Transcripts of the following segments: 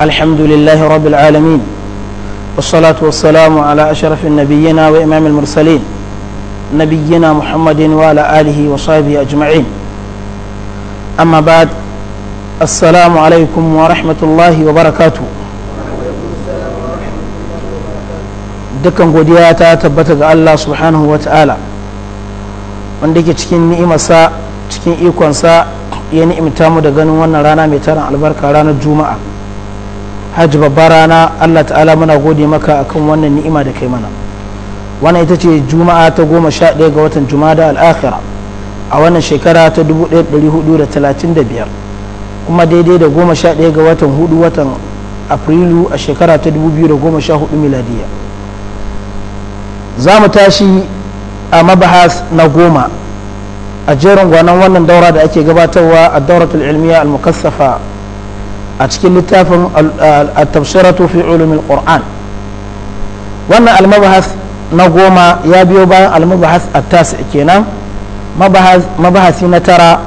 الحمد لله رب العالمين والصلاة والسلام على أشرف النبيين وإمام المرسلين نبينا محمد وعلى آله وصحبه أجمعين أما بعد السلام عليكم ورحمة الله وبركاته dukkan godiya ta tabbata ga Allah subhanahu wa ta'ala wanda yake cikin ni'imarsa cikin ikonsa ya ni'imta mu da ganin wannan rana mai taron albarka ranar juma'a hajji babbar rana allah ta'ala muna gode maka akan wannan ni'ima da kai mana wannan ita ce juma'a ta goma sha ɗaya ga watan da al'akhira a wannan shekara ta 1435 kuma daidai da goma sha ɗaya ga watan hudu watan afrilu a shekara ta 2014 miladiya za mu tashi a mabahas na goma a jerin gwanon wannan daura da ake gabatarwa a dauratul ilmiya al-mukassafa a cikin littafin at-tafsiratu fi ulumil qur'an wannan al na goma ya biyo bayan al-mabahas at-tasi kenan mabahasi na tara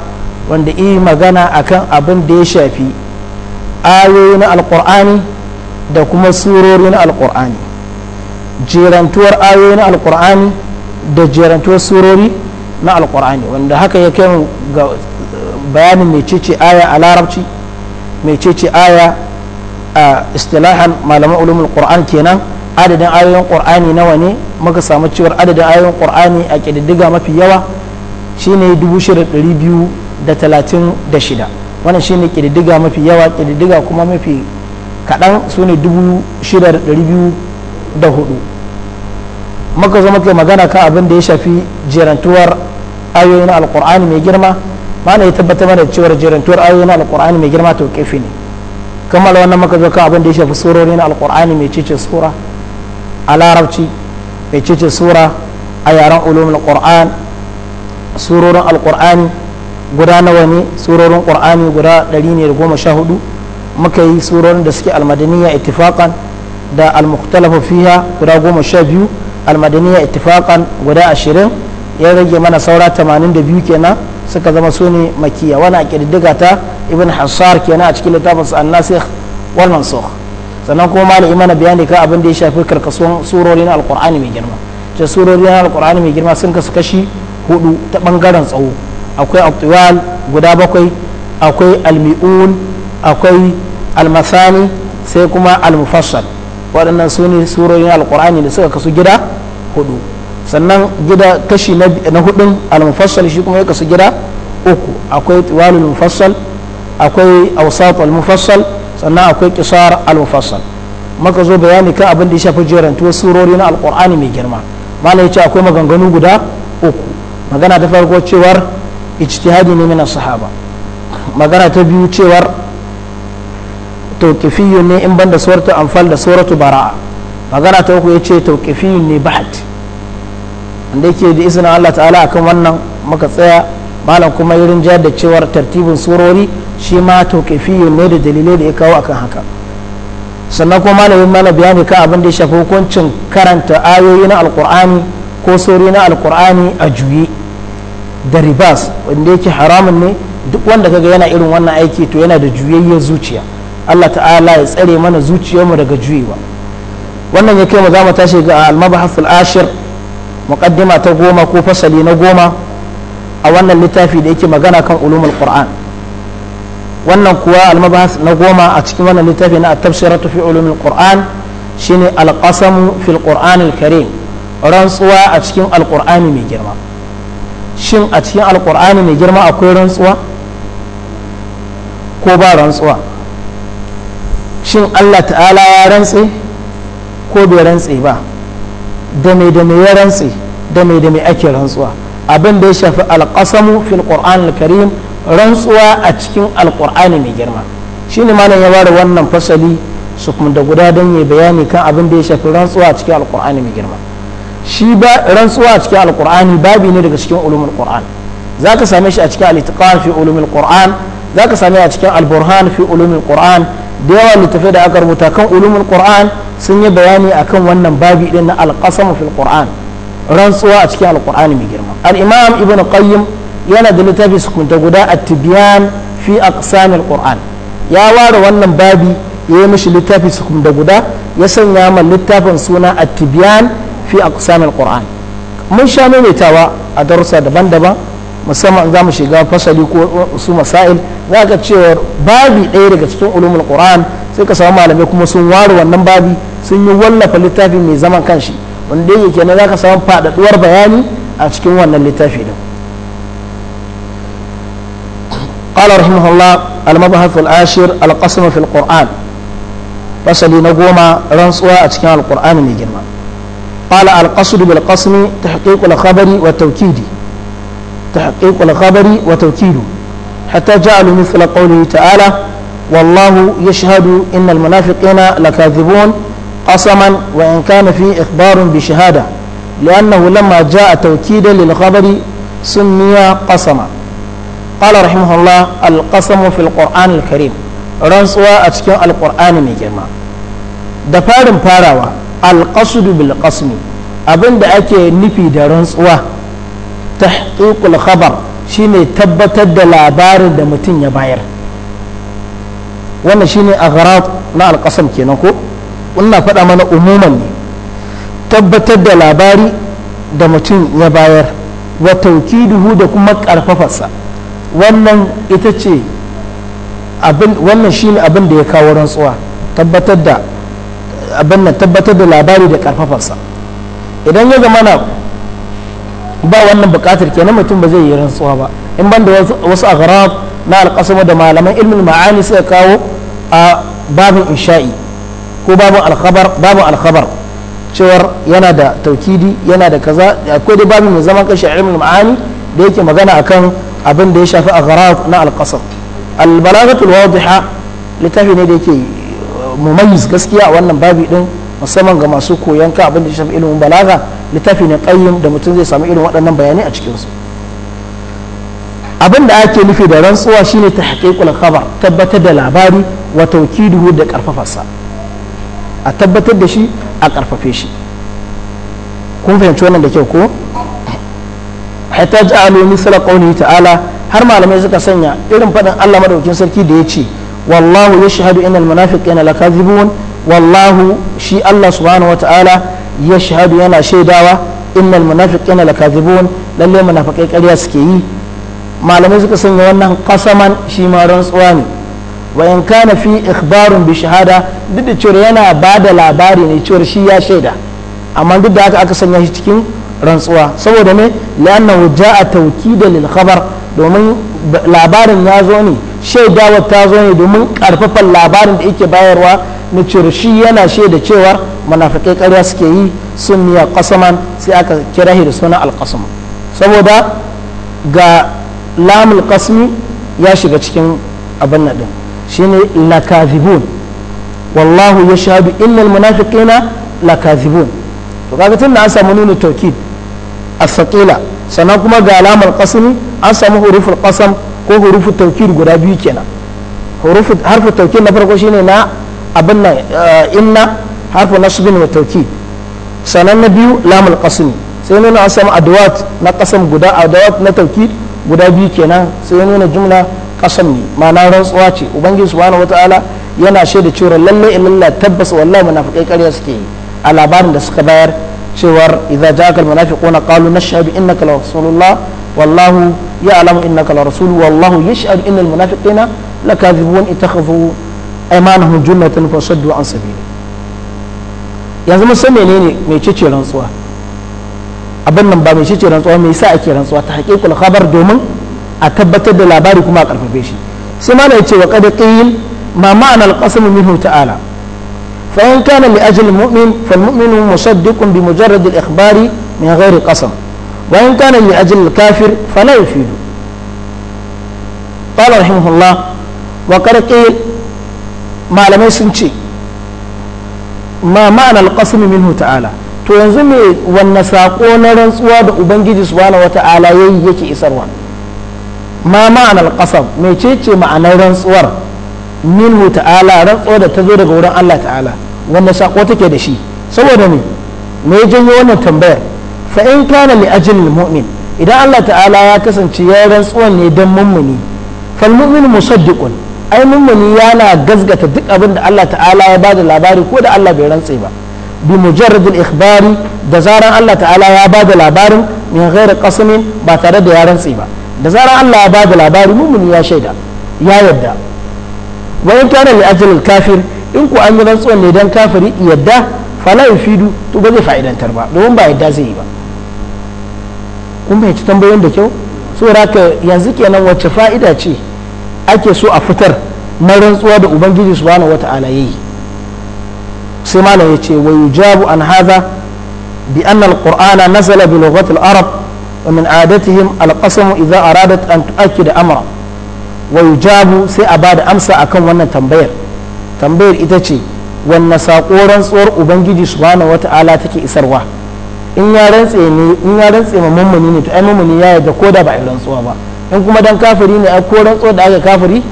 wanda yi magana akan abin da ya shafi ayoyi na alkur'ani da kuma surori na alkur'ani jerantuwar ayoyi na alkur'ani da jerantuwar surori na alkur'ani wanda haka ya kai eh, bayanin mecece aya a larabci mecece aya a istilahan malaman ulumul qur'an kenan adadin ayoyin qur'ani nawa ne muka samu cewar adadin ayoyin qur'ani a kididdiga mafi yawa shine 6236 wannan shine kididdiga mafi yawa kididdiga kuma mafi kaɗan su ne 6204 maka zo maka magana kan abin da ya shafi jerantuwar ayoyin alkur'ani mai girma mana ya tabbatar mana cewar jirantuwar ayoyi na alkur'ani mai girma ta kefi ne kammala wannan maka zo ka abin da ya shafi surori na alkur'ani mai cece sura a larabci mai cece sura a yaren ulumul qur'an surorin alkur'ani guda nawa ne surorin qur'ani guda 114 muka yi surorin da suke almadaniya ittifaqan da almukhtalafu fiha guda 12 almadaniya ittifaqan guda 20 ya rage mana saura 82 kenan suka zama su ne makiya wani a ƙididdiga ta ibn hassar kenan a cikin littafin sa an wal mansukh sannan kuma malami mana bayani kan abin da ya shafi karkasuwan surori na alqur'ani mai girma ce surori na alqur'ani mai girma sun kasu kashi hudu ta bangaren tsawo akwai at guda bakwai akwai almi'un akwai almasani sai kuma almufassal waɗannan su ne surori alqur'ani da suka kasu gida hudu sannan gida kashi na hudun al-mufassal shi kuma ya kasu gida uku akwai tiwalul mufassal akwai awsat al-mufassal sannan akwai qisar al-mufassal maka zo bayani kan abin da ya shafi jerantuwar surori na al al-qur'ani mai girma malam ya ce akwai maganganu guda uku magana ta farko cewar ijtihadi ne min sahaba magana ta biyu cewar tawqifiyyun ne in banda suratu anfal da suratu bara'a magana ta uku ya ce tawqifiyyun ne bahat da yake da izinin Allah ta'ala akan wannan muka tsaya malam kuma yi rinjayar da cewar tartibin surori shi ma tauƙifiyu ne da dalilai da ya kawo akan haka sannan kuma malamin mana bayani ka abin da ya shafi hukuncin karanta ayoyi na alkur'ani ko sori na alkur'ani a juye da ribas wanda yake haramun ne duk wanda kaga yana irin wannan aiki to yana da juyayyar zuciya Allah ta'ala ya tsare mana zuciyarmu daga juyewa wannan ya kai mu za mu tashi ga al-mabhasul ashir muqaddima ta goma ko fasali na goma a wannan littafi da yake magana kan ulumul qur'an wannan kuwa almabahas na goma a cikin wannan littafi na at-tafsiratu fi ulumul qur'an shine al-qasam fil rantsuwa a cikin alqur'ani mai girma shin a cikin alqur'ani mai girma akwai rantsuwa ko ba rantsuwa shin Allah ta'ala ya rantse ko bai rantse ba da ya rantse da mai da mai ake rantsuwa abin da ya shafi alƙasamu fil qur'an al-karim rantsuwa a cikin alƙur'ani mai girma shine malam ya bada wannan fasali su kuma da guda dan yi bayani kan abin da ya shafi rantsuwa a cikin alƙur'ani mai girma shi ba rantsuwa a cikin alƙur'ani babi ne daga cikin ulumul qur'an zaka same shi a cikin al-itqan fi ulumul qur'an zaka same a cikin al-burhan fi ulumul qur'an da yawa littafai da aka rubuta kan ulumul qur'an sun yi bayani akan wannan babi din na al-qasam fil qur'an rantsuwa a cikin alkur'ani mai girma al-imam ibn qayyim yana da littafi sukunta guda a tibiyan fi aqsam al-qur'an ya ware wannan babi ya yi mishi littafi sukunta guda ya sanya man littafin suna at-tibyan fi aqsam al-qur'an mun sha maimaitawa a darussa daban-daban musamman za mu shiga fasali ko su masail za ka cewa babi ɗaya daga cikin ulumul qur'an sai ka samu malamai kuma sun ware wannan babi sun yi wallafa littafi mai zaman kanshi wanda yake kenan zaka samu faɗaɗuwar bayani a cikin wannan littafi din قال رحمه الله المبحث العاشر القسم في القرآن فصل نقوم رنصوا أتكان القرآن من جرما قال القصد بالقسم تحقيق الخبر والتوكيد تحقيق الخبر وتوكيد حتى جعلوا مثل قوله تعالى والله يشهد إن المنافقين لكاذبون قسما وإن كان فيه إخبار بشهادة لأنه لما جاء توكيدا للخبر سمي قسما قال رحمه الله القسم في القرآن الكريم رنسوا أتكين القرآن مجمع دفار فاروا القصد بالقسم abin da ake nufi da rantsuwa ta khabar shine tabbatar da labarin da mutum ya bayar wannan shine aghrad na alƙasam kenan ko ina faɗa mana umuman tabbatar da labari da mutum ya bayar wa taukiduhu da kuma ƙarfafarsa wannan ita ce wannan shi ne abin da ya kawo rantsuwa tabbatar da abin nan tabbatar da labari da ƙarfafarsa idan ya zama na ba wannan buƙatar kenan mutum ba zai yi rantsuwa ba in ban da wasu agarar na alƙasama da malaman ilmin ma'ani suka kawo a babin insha'i ko babu alkhabar babu alkhabar cewar yana da taukidi yana da kaza akwai dai babu mai zaman kashi a ma'ani da yake magana akan abin da ya shafi aghraq na alqasam albalagatul wadiha littafi ne da yake uh, mumayyiz gaskiya a wannan babi din musamman ga masu koyon ka abin da ya shafi ilimin balaga littafi ne qayyim da mutum zai samu irin waɗannan bayanai a cikin su abin da ake nufi da rantsuwa shine tahqiqul khabar tabbatar da labari wa tawkiduhu da karfafarsa a tabbatar da shi a karfafe shi kun fahimci wannan da kyau ko hatta ja'alu misla ta'ala har malamai suka sanya irin faɗin Allah maɗaukin sarki da ya ce wallahu yashhadu innal munafiqina lakazibun wallahu shi Allah subhanahu wata'ala yashhadu yana shaidawa innal munafiqina lakazibun lalle munafiqai ƙarya suke yi malamai suka sanya wannan kasaman shi ma rantsuwa ne wa in kana fi ikhbarun bi shahada duk da cewa yana ba da labari ne cewa shi ya shaida amma duk da haka aka sanya shi cikin rantsuwa saboda me a tauki da lil khabar domin labarin ya zo ne shaidawar ta zo ne domin karfafan labarin da yake bayarwa na cewa shi yana shaida cewa munafikai ƙarya suke yi sun miya kasaman sai aka kira shi da sunan alqasam saboda ga lamul qasmi ya shiga cikin abin nan shine lakazibun wallahu yashhadu innal munafiqina lakazibun to kaga tun da an samu nuna taukid as-saqila sannan kuma ga alamar qasmi an samu huruful qasam ko huruful taukid guda biyu kenan huruful harfu taukid na farko shine na abin nan eh, inna harfu nasbin wa taukid sannan na biyu lamul qasmi sai nuna an samu adawat na qasam guda adawat na taukid guda biyu kenan sai nuna jumla ne ma'ana rantsuwa ce ubangiji subhanahu wataala yana shaida cewa lalle illallah tabbas wallahi munafiqai ƙarya suke yi a labarin da suka bayar cewar idza ja'akal munafiquna qalu nashhadu innaka la rasulullah wallahu ya'lamu innaka la rasul wallahu yashhadu innal munafiqina lakadhibun ittakhadhu aymanahum junnatan fasaddu an sabili yanzu mun san menene mecece rantsuwa abin nan ba mecece rantsuwa me yasa ake rantsuwa ta haqiqul khabar domin a tabbatar da labari kuma a karfafe shi sai ma ya ce wa qad qil ma ma'ana al-qasam minhu ta'ala fa in kana li ajli al-mu'min fa al-mu'minu musaddiqun bi mujarrad al-ikhbar min ghairi qasam wa in kana li ajli al-kafir fala yufidu qala rahimahullah wa qad qil malamai sun ce ma ma'ana al-qasam minhu ta'ala to yanzu me wanne sako na rantsuwa da ubangiji subhanahu wata'ala yayi yake isarwa ma ma'anar ƙasar mai ce ma'anar rantsuwar minhu ta'ala rantsuwar da ta zo daga wurin Allah ta'ala wanda sako take da shi saboda me me janyo wannan tambayar fa in kana li ajlil mu'min idan Allah ta'ala ya kasance ya rantsuwar ne dan mummuni fal mu'min musaddiqun ai mummuni yana gazgata duk abin da Allah ta'ala ya bada labari ko da Allah bai rantse ba bi mujarradil ikhbari da zaran Allah ta'ala ya bada labarin min ghairi qasmin ba tare da ya rantse ba da zarar Allah ya ba da labari mumuni ya shaida ya yadda wa in kana li ajlil kafir in ku an yi rantsuwan ne dan kafiri yadda fala yufidu to ba zai fa'idantar ba domin ba yadda zai yi ba kun bai ci tambayoyin da kyau saboda raka yanzu kenan wacce fa'ida ce ake so a fitar na rantsuwa da ubangiji subhanahu wata'ala yayi sai malam ya ce wa yujabu an hadha bi anna al-qur'ana nazala bi lughati al-arab wannan adaduhun alfasarmu idan aradatu dan tu akki da amma wai jabu sai a bada amsa akan wannan tambayar tambayar ita ce wannan saƙoran tsohuwar ubangiji suwa na wata ala take isarwa. in ya rantse ma muhimmi ne to aini muhimmi ya yadda ko da ba a yi rantsuwa ba ɗan kuma dan kafari ne ko rantsuwar da aka yi kafari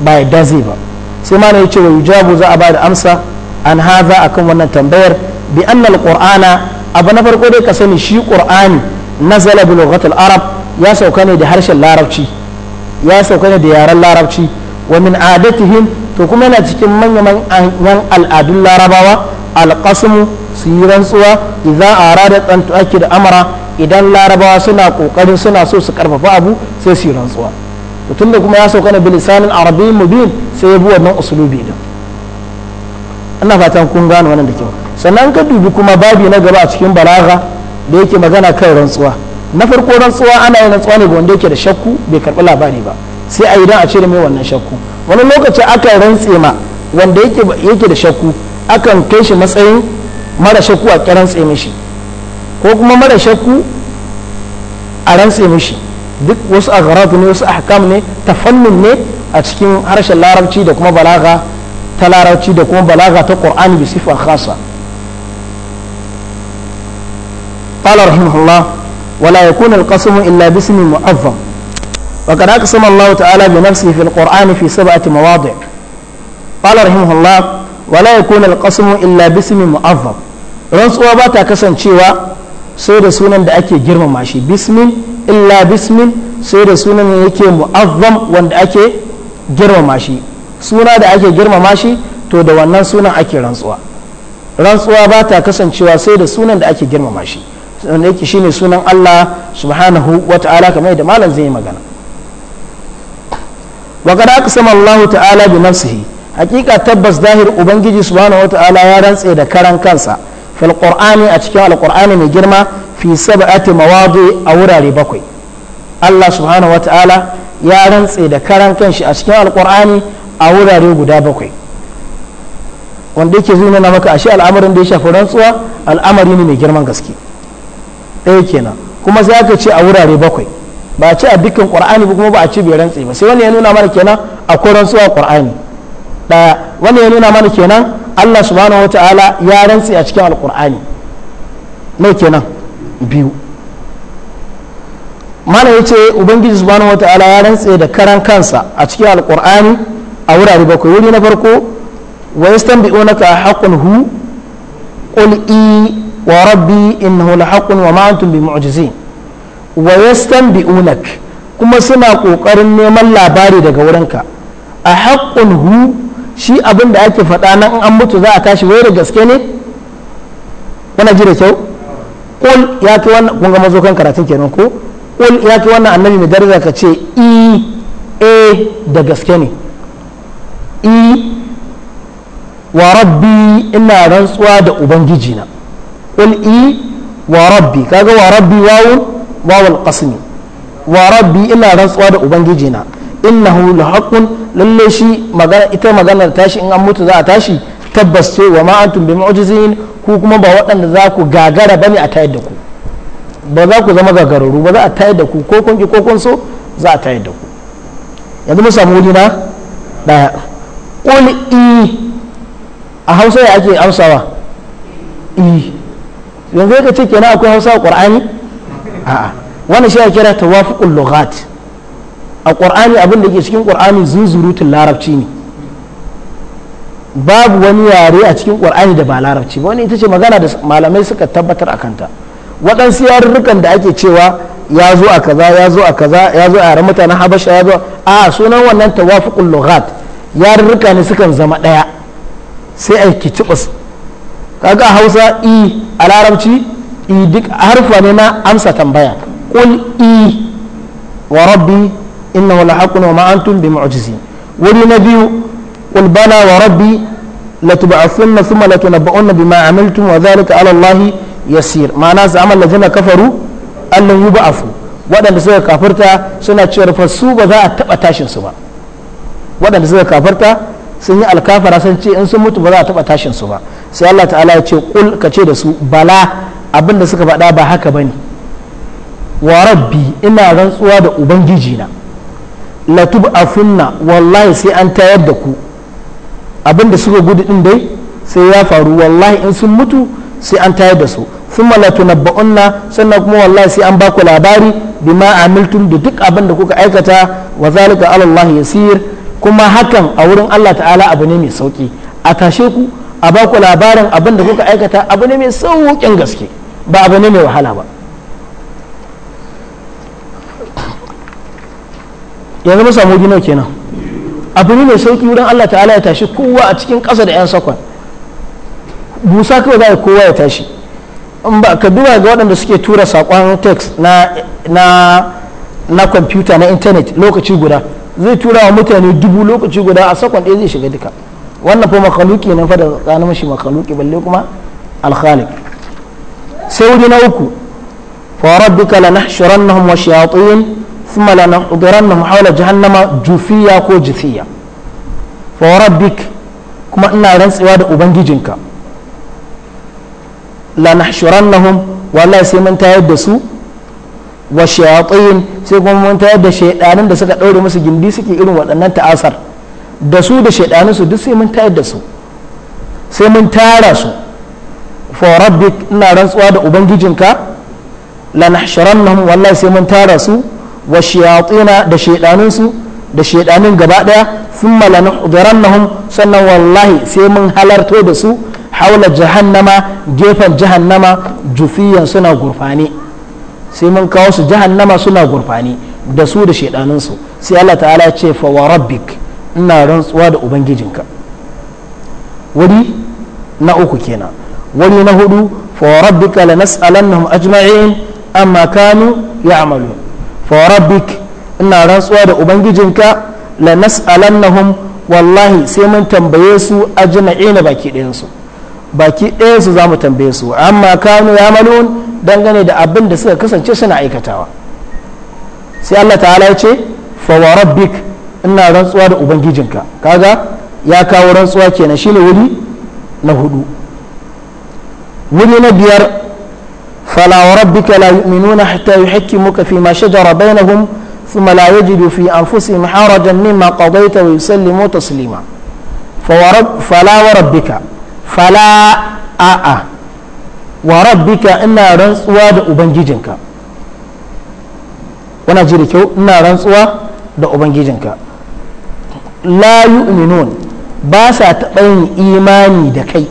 ba ya daze ba sai mana ya ce wai jabu za a ba amsa an haza akan wannan tambayar bi annan qur'ana. abu na farko dai ka sani shi qur'ani nazala bi lughatil arab ya sauka ne da harshen larabci ya sauka ne da yaren larabci wa min adatihim to kuma yana cikin manyan al'adun larabawa alqasmu su yi rantsuwa idan arada an tu'akid amara idan larabawa suna kokarin suna so su karfafa abu sai su yi rantsuwa to tunda kuma ya sauka ne bilisanin arabiyyin mubin sai ya bi wannan usulubi din Allah fatan kun gane wannan da kyau sannan ka dubi kuma babi na gaba a cikin balaga da yake magana kan rantsuwa na farko rantsuwa ana yin rantsuwa ne ga wanda yake da shakku bai karɓi labari ba sai a idan a cire mai wannan shakku wani lokaci aka rantse ma wanda yake da shakku akan kai shi matsayin mara shakku a kiran tse mishi ko kuma mara shakku a rantse mishi duk wasu agharatu ne wasu ahkam ne fannin ne a cikin harshen larabci da kuma balaga ta larabci da kuma balaga ta qur'ani bi sifa khasa قال رحمه الله ولا يكون القسم إلا باسم معظم وقد أقسم الله تعالى بنفسه في القرآن في سبعة مواضع قال رحمه الله ولا يكون القسم إلا باسم معظم rantsuwa ba ta kasancewa sai da sunan da ake girmama shi bismin illa bismin sai da sunan yake mu'azzam wanda ake girmama shi suna da ake girmama shi to da wannan sunan ake rantsuwa rantsuwa ba ta kasancewa sai da sunan da ake girmama shi wanda yake shine sunan Allah subhanahu wa ta'ala kamar yadda malam zai yi magana wa aka sama Allah ta'ala bi nafsihi hakika tabbas zahir ubangiji subhanahu wa ta'ala ya rantse da karan kansa fil qur'ani a cikin alqur'ani mai girma fi sab'ati mawadi a wurare bakwai Allah subhanahu wa ta'ala ya rantse da karan kanshi a cikin alqur'ani a wurare guda bakwai wanda yake zuna maka ashe al'amarin da ya shafi rantsuwa al'amari ne mai girman gaske ɗaya kenan kuma sai aka ce a wurare bakwai ba a ce a dukkan qur'ani ba kuma ba a ce bai rantse ba sai wani ya nuna mana kenan koran suwa qur'ani ɗaya wani ya nuna mana kenan Allah subhanahu wataala ya rantse a cikin alqur'ani mai kenan biyu mana ya ce ubangiji subhanahu wataala ya rantse da karan kansa a cikin alqur'ani a wurare bakwai wuri na farko wa yastanbi'unaka haqqun hu qul wa wa rabbi in hula haƙun وربي إنه لحق ya أنتم bi ويستنبئونك kuma suna قوقرن neman labari daga wurinka a haƙun hu shi abin da ake faɗa nan in an mutu za a tashi wai da gaske ne kana ji da kyau qul ya ki wannan kun ga mazo kan karatun kenan ko qul ya ki wannan annabi mai daraja ka ce i e da gaske ne i wa rabbi ina rantsuwa da ubangiji na qul i wa rabbi kaga wa rabbi wawun wawul qasmi wa rabbi ina rantsuwa da ubangiji na innahu lahaqqun lalle shi magana ita maganar tashi in an mutu za a tashi tabbas ce wa ma antum bi mu'jizin ku kuma ba waɗanda za ku gagara bane a tayar da ku ba za ku zama gagararru ba za a tayar da ku ko kun ko kun za a tayar da ku yanzu mu samu wuri na daya qul i a hausa ya ake amsawa i yanzu ka ce kenan akwai hausa a ƙwar'ani a'a wani shi ya kira wafiƙun lughat a ƙwar'ani abin da ke cikin ƙur'ani zunzurutun larabci ne babu wani yare a cikin ƙwar'ani da ba larabci ba wani ita ce magana da malamai suka tabbatar a kanta waɗansu yarurrukan da ake cewa ya zo a kaza ya zo a kaza ya zo a yaren mutanen habasha ya zo a sunan wannan tawafuqul lughat yarurruka ne sukan zama ɗaya sai a kicibus kaga hausa i a larabci i duk harfa ne na amsa tambaya qul i wa rabbi innahu lahaqqun wa ma antum bimu'jizin wani na biyu qul bala wa rabbi لتبعثن ثم لتنبؤن بما عملتم وذلك على الله يسير معناه زعم الذين كفروا أن يبعثوا waɗanda suka kafarta suna cewa fa su ba za a taɓa tashin su ba waɗanda suka kafarta sun yi alkafara sun ce in sun mutu ba za a taɓa tashin su ba sai Allah ta'ala ya ce kul ka ce da su bala abinda suka faɗa ba haka ba ne wa rabbi ina rantsuwa da ubangiji na latub afinna wallahi sai an tayar da ku abinda suka gudu din dai sai ya faru wallahi in sun mutu sai an tayar da su sun ba'unna sannan kuma wallahi sai an baku labari bima amiltum da duk abin da kuka aikata wa zalika alallahi yasir kuma hakan a wurin Allah ta'ala abu ne mai sauki a tashe ku a ba ku labarin abin da kuka aikata abu ne mai sauƙin gaske ba abu ne mai wahala ba yanzu mu samu gino kenan abu ne mai sauƙi wurin Allah ta'ala ya tashi kowa a cikin ƙasa da 'yan sakon busa kawai za a kowa ya tashi in ba ka duba ga waɗanda suke tura saƙon text na na na kwamfuta na intanet lokaci guda zai tura wa mutane dubu lokaci guda a sakon ɗaya zai shiga duka wannan fa makhluki ne fa da tsakanin mashi makhluki balle kuma al-khaliq sai wuri na uku fa rabbika lanahshurannahum wa shayatin thumma lanahdurannahum hawla jahannama jufiya ko jithiya fa rabbik kuma ina rantsuwa da ubangijinka lanahshurannahum wallahi sai mun tayar da su wa shayatin sai kuma mun tayar da shaydanin da suka daure musu gindi suke irin waɗannan ta'asar da su da shaidaninsu duk sai mun tayar da su sai mun tara su for rabbik ina rantsuwa da ubangijinka lanahsharannahum wallahi sai mun tara su wa shayatina da shaidaninsu da shaidanin gaba daya thumma lanuhdirannahum sannan wallahi sai mun halarto da su haula jahannama gefen jahannama jufiyan suna gurfani sai mun kawo su jahannama suna gurfani da su da shaidaninsu sai Allah ta'ala ya ce fa wa rabbik ina rantsuwa da ubangijinka wuri na uku kenan wuri na hudu fa rabbika na ajma'in amma kanu ya rabbik ina rantsuwa da ubangijinka lanas'alannahum wallahi sai mun tambaye su ajma'ina baki ɗayan su baki ɗayan su zamu tambaye su amma kanu ya'malun dangane da abin da suka kasance suna aikatawa sai Allah ta'ala ya ce fa ina rantsuwa da ubangijinka kaga ya kawo rantsuwa kenan shine wuri na hudu wuri na biyar fala wa rabbika la yu'minuna hatta yuhakkimuka fi ma shajara bainahum thumma la yajidu fi anfusihim harajan mimma qadayta wa yusallimu taslima fala wa rabbika fala a'a wa rabbika ina rantsuwa da ubangijinka ina rantsuwa da ubangijinka la yu'minun ba sa taɓa yin imani da kai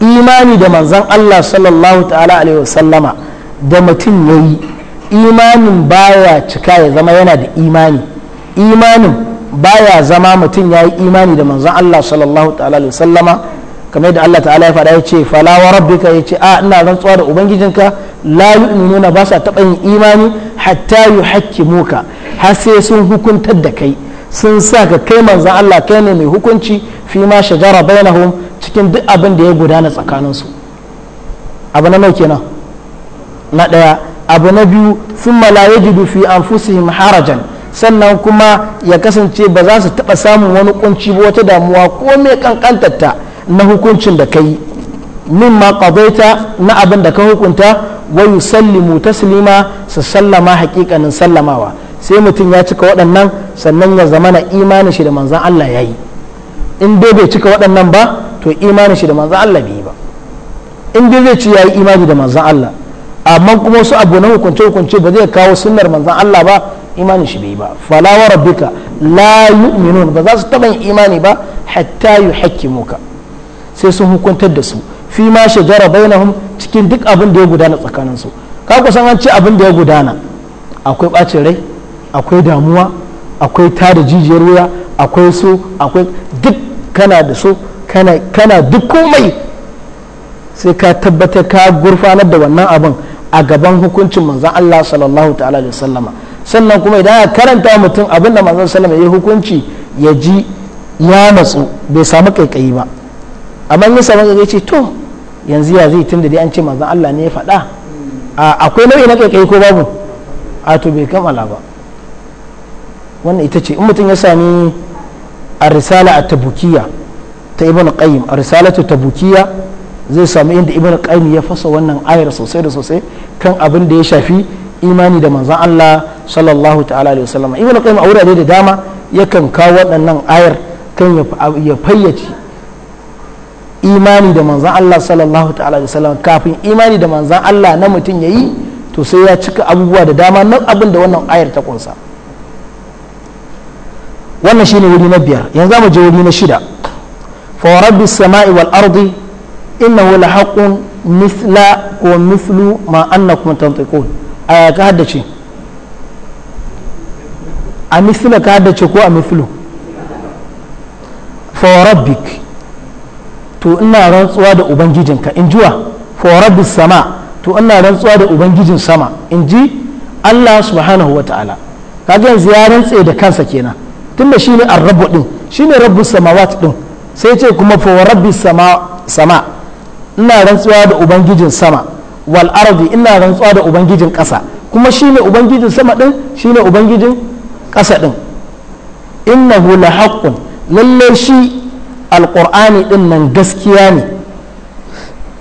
imani da manzan Allah sallallahu ta'ala alaihi wasallama da mutum ya yi imanin baya cika ya zama yana da imani imanin baya zama mutum ya yi imani da manzan Allah sallallahu ta'ala alaihi wasallama kamar da Allah ta'ala ya faɗa ya ce fala rabbika ya ce a ina rantsuwa da ubangijinka la yu'minuna ba sa taɓa yin imani hatta yuhaqqimuka har sai sun hukuntar da kai sun sa ka kai manzan Allah kai ne mai hukunci fi ma shajara bainahum cikin duk abin da ya gudana tsakaninsu abu na nau kenan na ɗaya abu na biyu sun mala an fi anfusihim harajan sannan kuma ya kasance ba za su taɓa samun wani kunci ba wata damuwa ko mai kankantarta na hukuncin da ka yi min ma qadaita na abin da ka hukunta wa yusallimu taslima su sallama hakikanin sallamawa sai mutum ya cika waɗannan sannan ya zama na imanin shi da manzan Allah ya yi in dai bai cika waɗannan ba to imanin shi da manzan Allah bai yi ba in dai zai ci ya yi imani da manzan Allah amma kuma wasu abu na hukunce hukunce ba zai kawo sunnar manzan Allah ba imanin shi bai yi ba fala wa rabbika la yu'minun ba za su taɓa yin imani ba hatta yuhaqqimuka sai sun hukuntar da su fi ma shajara bainahum cikin duk abin da ya gudana su ka kusan an ce abin da ya gudana akwai bacin rai akwai damuwa akwai tada jijiyar wuya akwai so akwai duk kana da so kana duk komai sai ka tabbatar ka gurfanar da wannan abin a gaban hukuncin manzan Allah sallallahu ta'ala da sallama sannan kuma idan a karanta mutum abin da manzan sallama ya yi hukunci ya ji ya matsu bai samu kaikayi ba amma yi saman kaikayi ce to yanzu ya zai tun da dai an ce manzan Allah ne ya faɗa akwai nau'i na kaikayi ko babu a to bai kammala ba wannan ita ce in mutum ya sami a risala a tabukiya ta ibn qayyim a risala ta tabukiya zai sami inda ibn qayyim ya fasa wannan ayar sosai da sosai kan abin da ya shafi imani da manzan Allah sallallahu ta'ala alaihi wasallam ibn qayyim a wurare da dama yakan kawo waɗannan ayar kan ya fayyace imani da manzan Allah sallallahu ta'ala alaihi wasallam kafin imani da manzan Allah na mutum ya yi to sai ya cika abubuwa da dama nan abin da wannan ayar ta kunsa wannan shine wuri na biyar yanzu mu je wuri na shida fa rabbi samai wal ardi innahu la haqqun mithla ko mithlu ma annakum tantiqun aya ka haddace a mithla ka haddace ko a mithlu fa rabbik to ina rantsuwa da ubangijinka in jiwa fa rabbi sama to ina rantsuwa da ubangijin sama in ji Allah subhanahu wa ta'ala kaga yanzu ya rantse da kansa kenan tunda shine ar-rabbu din shine rabbus samawati din sai ce kuma fa rabbis sama sama ina rantsuwa da ubangijin sama wal ardi ina rantsuwa da ubangijin ƙasa kuma shine ubangijin sama din shine ubangijin ƙasa din innahu lahaqqun lalle shi alƙur'ani din nan gaskiya ne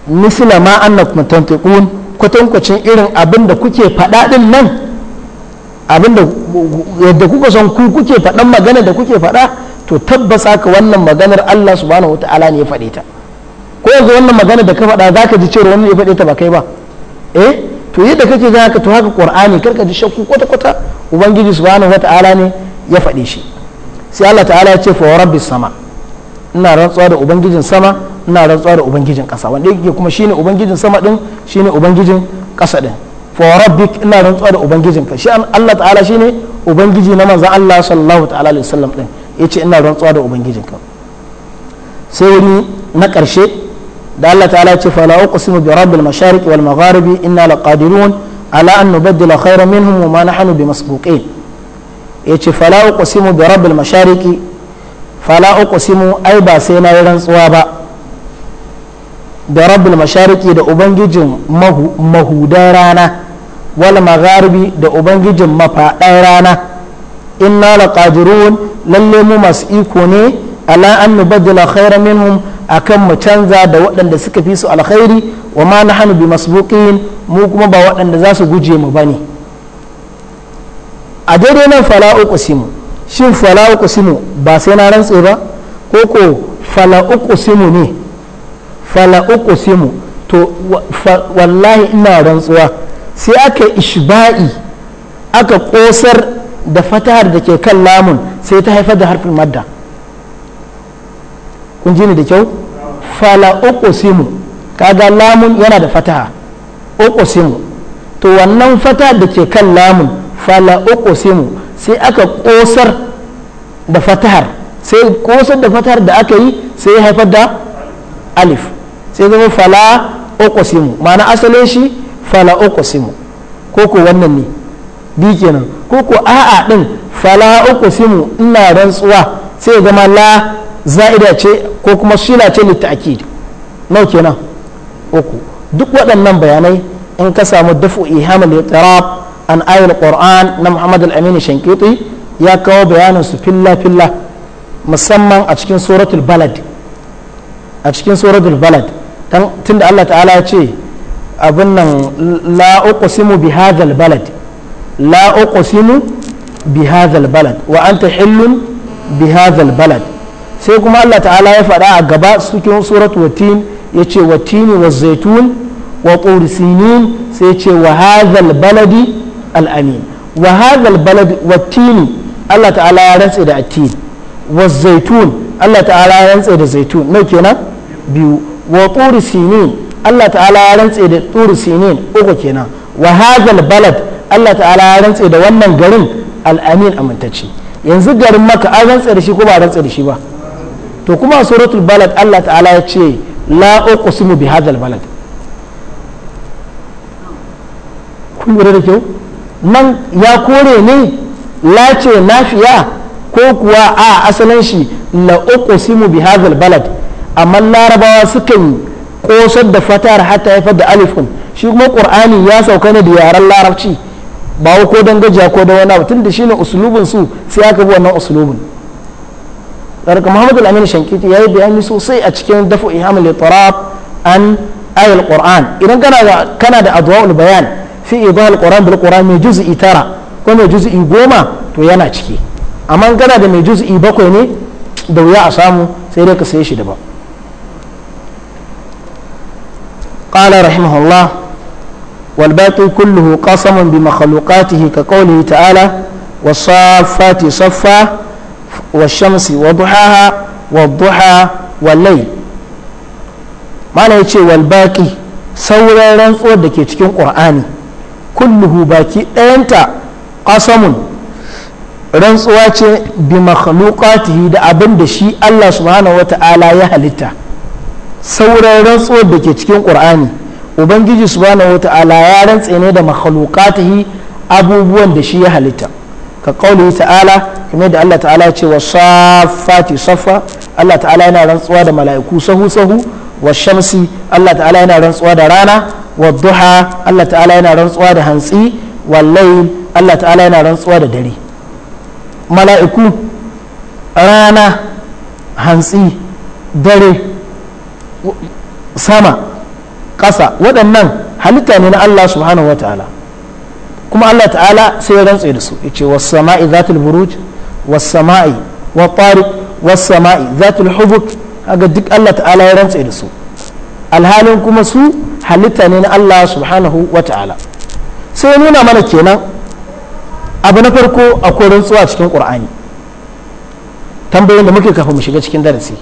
misla ma annakum tantiqun kwatankwacin irin abin da kuke faɗa din nan abinda yadda kuka son ku kuke faɗan magana da kuke faɗa to tabbas wannan maganar Allah subhanahu wataala ne ya faɗe ta ko yanzu wannan magana da ka faɗa zaka ji cewa wannan ya faɗe ta ba kai ba eh to yadda kake ga haka to haka qur'ani karka ji shakku kwata kwata ubangiji subhanahu wataala ne ya faɗe shi sai Allah ta'ala ya ce fa rabbis sama ina rantsuwa da ubangijin sama ina rantsuwa da ubangijin kasa wanda yake kuma shine ubangijin sama din shine ubangijin ƙasa din for rabbik ina rantsuwa da ubangijinka shi Allah ta'ala shine ubangiji na manzon Allah sallallahu ta'ala alaihi wasallam din yace ina rantsuwa da ubangijinka sai wani na karshe da Allah ta'ala ce fala uqsimu bi rabbil mashariq wal magharibi inna laqadirun ala an nubaddila khayran minhum wa ma nahnu bimasbuqin yace fala uqsimu bi rabbil mashariqi fala uqsimu ai ba sai na rantsuwa ba da rabbul mashariki da ubangijin mahudan rana wal magharibi da ubangijin mafaɗan rana inna qadirun lalle mu masu iko ne ala an nubaddila khairan minhum akan mu canza da waɗanda suka fi su alkhairi wa ma nahnu bi masbuqin mu kuma ba waɗanda za su guje mu bane a daidai nan fala uqsimu shin fala uqsimu ba sai na rantse ba ko ko fala uqsimu ne fala uqsimu to wallahi ina rantsuwa sai aka yi ishba'i aka kosar da fatahar da ke kan lamun sai ta haifar da harfin madda kun ji ni da kyau fala uqsimu kaga lamun yana da fataha uqsimu to wannan fatahar da ke kan lamun fala uqsimu sai aka kosar da fatahar sai kosar da fatahar da aka yi sai ya haifar da alif sai zama fala uqsimu ma'ana asalin shi fala ko ko wannan ne bi kenan ko ko a'a din fala uqsimu ina rantsuwa sai ya zama la za'ida ce ko kuma shila ce li ta'kid nau kenan uku duk waɗannan bayanai in ka samu dafu ihamul iqrab an ayatul qur'an na Muhammad al-Amin Shankiti ya kawo bayanin su filla filla musamman a cikin suratul balad a cikin suratul balad tunda Allah ta'ala ya ce abin nan la uqsimu bi hadhal balad la uqsimu bi hadhal balad wa anta hillun bi hadhal balad sai kuma Allah ta'ala ya faɗa a gaba cikin suratu watin yace watini wa zaitun wa tur sinin sai yace wa hadhal baladi al amin wa hadhal balad watini Allah ta'ala ya rantsa da atin wa zaitun Allah ta'ala ya rantsa da zaitun nau kenan biyu wa tur sinin Allah ta'ala ya rantse da turu sinin uku kenan wa hadal balad Allah ta'ala ya rantse da wannan garin al'amin amintacce yanzu garin maka an rantse da shi ko ba rantse da shi ba to kuma suratul balad Allah ta'ala ya ce la uqsimu bi hadal balad kun lura da kyau nan ya kore ne la ce nafiya ko kuwa a asalin shi la uqsimu bi hadal balad amma larabawa yi. kosar da fatar hatta haifar da alif shi kuma qur'ani ya sauka ne da yaren larabci ba ko dan gajiya ko da wani abu da shine uslubin su sai aka bi wannan uslubin daga muhammad al-amin shankiti yayi bayani sosai a cikin dafu ihamul litarab an ayal qur'an idan kana da kana da adwaul bayan fi al qur'an bil qur'an mai juz'i tara ko mai juz'i goma to yana ciki amma kana da mai juz'i bakwai ne da wuya a samu sai dai ka saye shi daban قال رحمه الله والباطل كله قسم بمخلوقاته كقوله تعالى والصافات صفا والشمس وضحاها والضحى والليل ما لا يتشي والباقي سورة رنفو دكي تكون قرآني كله باقي أنت قسم rantsuwa ce bi makhluqatihi da abin da shi Allah subhanahu wata'ala ya halitta sauran rantsuwar da ke cikin ƙur'ani ubangiji su subhanahu wata'ala ya rantse ne da makhluqatihi abubuwan da shi ya halitta ka qawli ta'ala kuma da Allah ta'ala ya ce wa saffati safa Allah ta'ala yana rantsuwa da mala'iku sahu sahu wa shamsi Allah ta'ala yana rantsuwa da rana wa duha Allah ta'ala yana rantsuwa da hantsi wa layl Allah ta'ala yana rantsuwa da dare mala'iku rana hantsi dare sama ƙasa waɗannan halitta ne na Allah subhanahu wa ta'ala kuma Allah ta'ala sai ya rantse da su ya ce wasu sama'i zatul buruj wasu sama'i wa tariq wasu sama'i zatul hubut aga duk Allah ta'ala ya rantse da su alhalin kuma su halitta ne na Allah subhanahu wa ta'ala sai nuna mana kenan abu na farko akwai rantsuwa cikin ƙur'ani tambayoyin da muke kafin mu shiga cikin darasi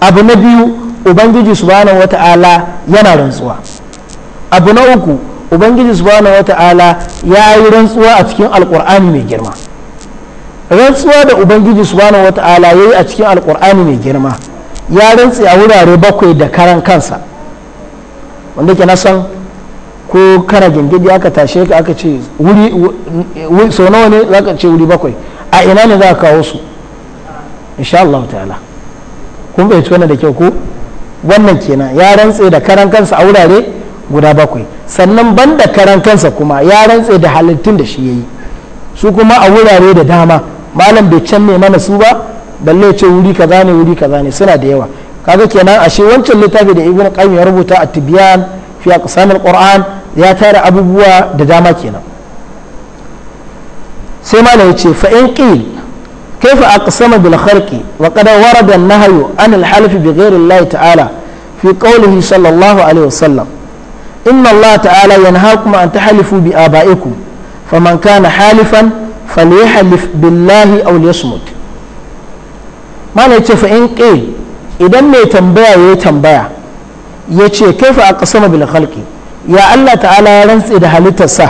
abu na biyu ubangiji subhanahu wata'ala yana rantsuwa abu na uku ubangiji subhanahu wata'ala ya yi rantsuwa a cikin alkur'ani mai girma rantsuwa da ubangiji subhanahu wata'ala ya yi a cikin alkur'ani mai girma ya rantsi a wurare bakwai da karan kansa wanda ke nasan ko kana gindidi aka tashe ka aka ce wuri sau nawa ne za ka ce wuri bakwai a ina ne za ka kawo su insha Allah ta'ala kun bai wannan da kyau ko wannan kenan ya rantse da karan kansa a wurare guda bakwai sannan ban da karan kansa kuma ya rantse da halittun da shi ya yi su kuma a wurare da dama malam bai canne mana su ba balle ce wuri kaza ne wuri kaza ne suna da yawa kaga kenan ashe wancan littafi da ibnu qayyim ya rubuta a tibyan fi aqsam alquran ya tara abubuwa da dama kenan sai malam ya ce fa in qil كيف أقسم بالخلق وقد ورد النهي عن الحلف بغير الله تعالى في قوله صلى الله عليه وسلم إن الله تعالى ينهاكم أن تحلفوا بآبائكم فمن كان حالفا فليحلف بالله أو ليصمت ما نتشف إن قيل إذا ما تنبيع يتنبيع يتشي كيف أقسم بالخلق يا الله تعالى رنس إذا هلت السه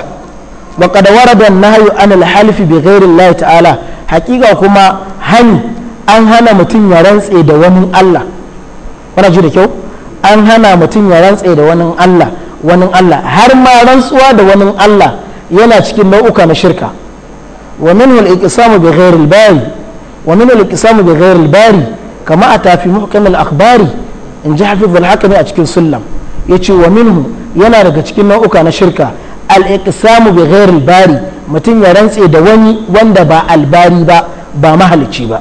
وقد ورد النهي عن الحلف بغير الله تعالى hakika kuma hani an hana mutum ya rantse da wani Allah ji da kyau an hana mutum ya rantse da wani Allah wani Allah har ma rantsuwa da wani Allah yana cikin nau'uka na shirka wa min al-iqsamu bi ghayri al-bari wa al-iqsamu bi al-bari kama ata fi muhkam al-akhbari in ji hafiz al-hakimi a cikin sullam yace wa minhu yana daga cikin nau'uka na shirka al-iqsamu bi ghairil bari mutum ya rantse da wani wanda ba albari ba ba mahalicci ba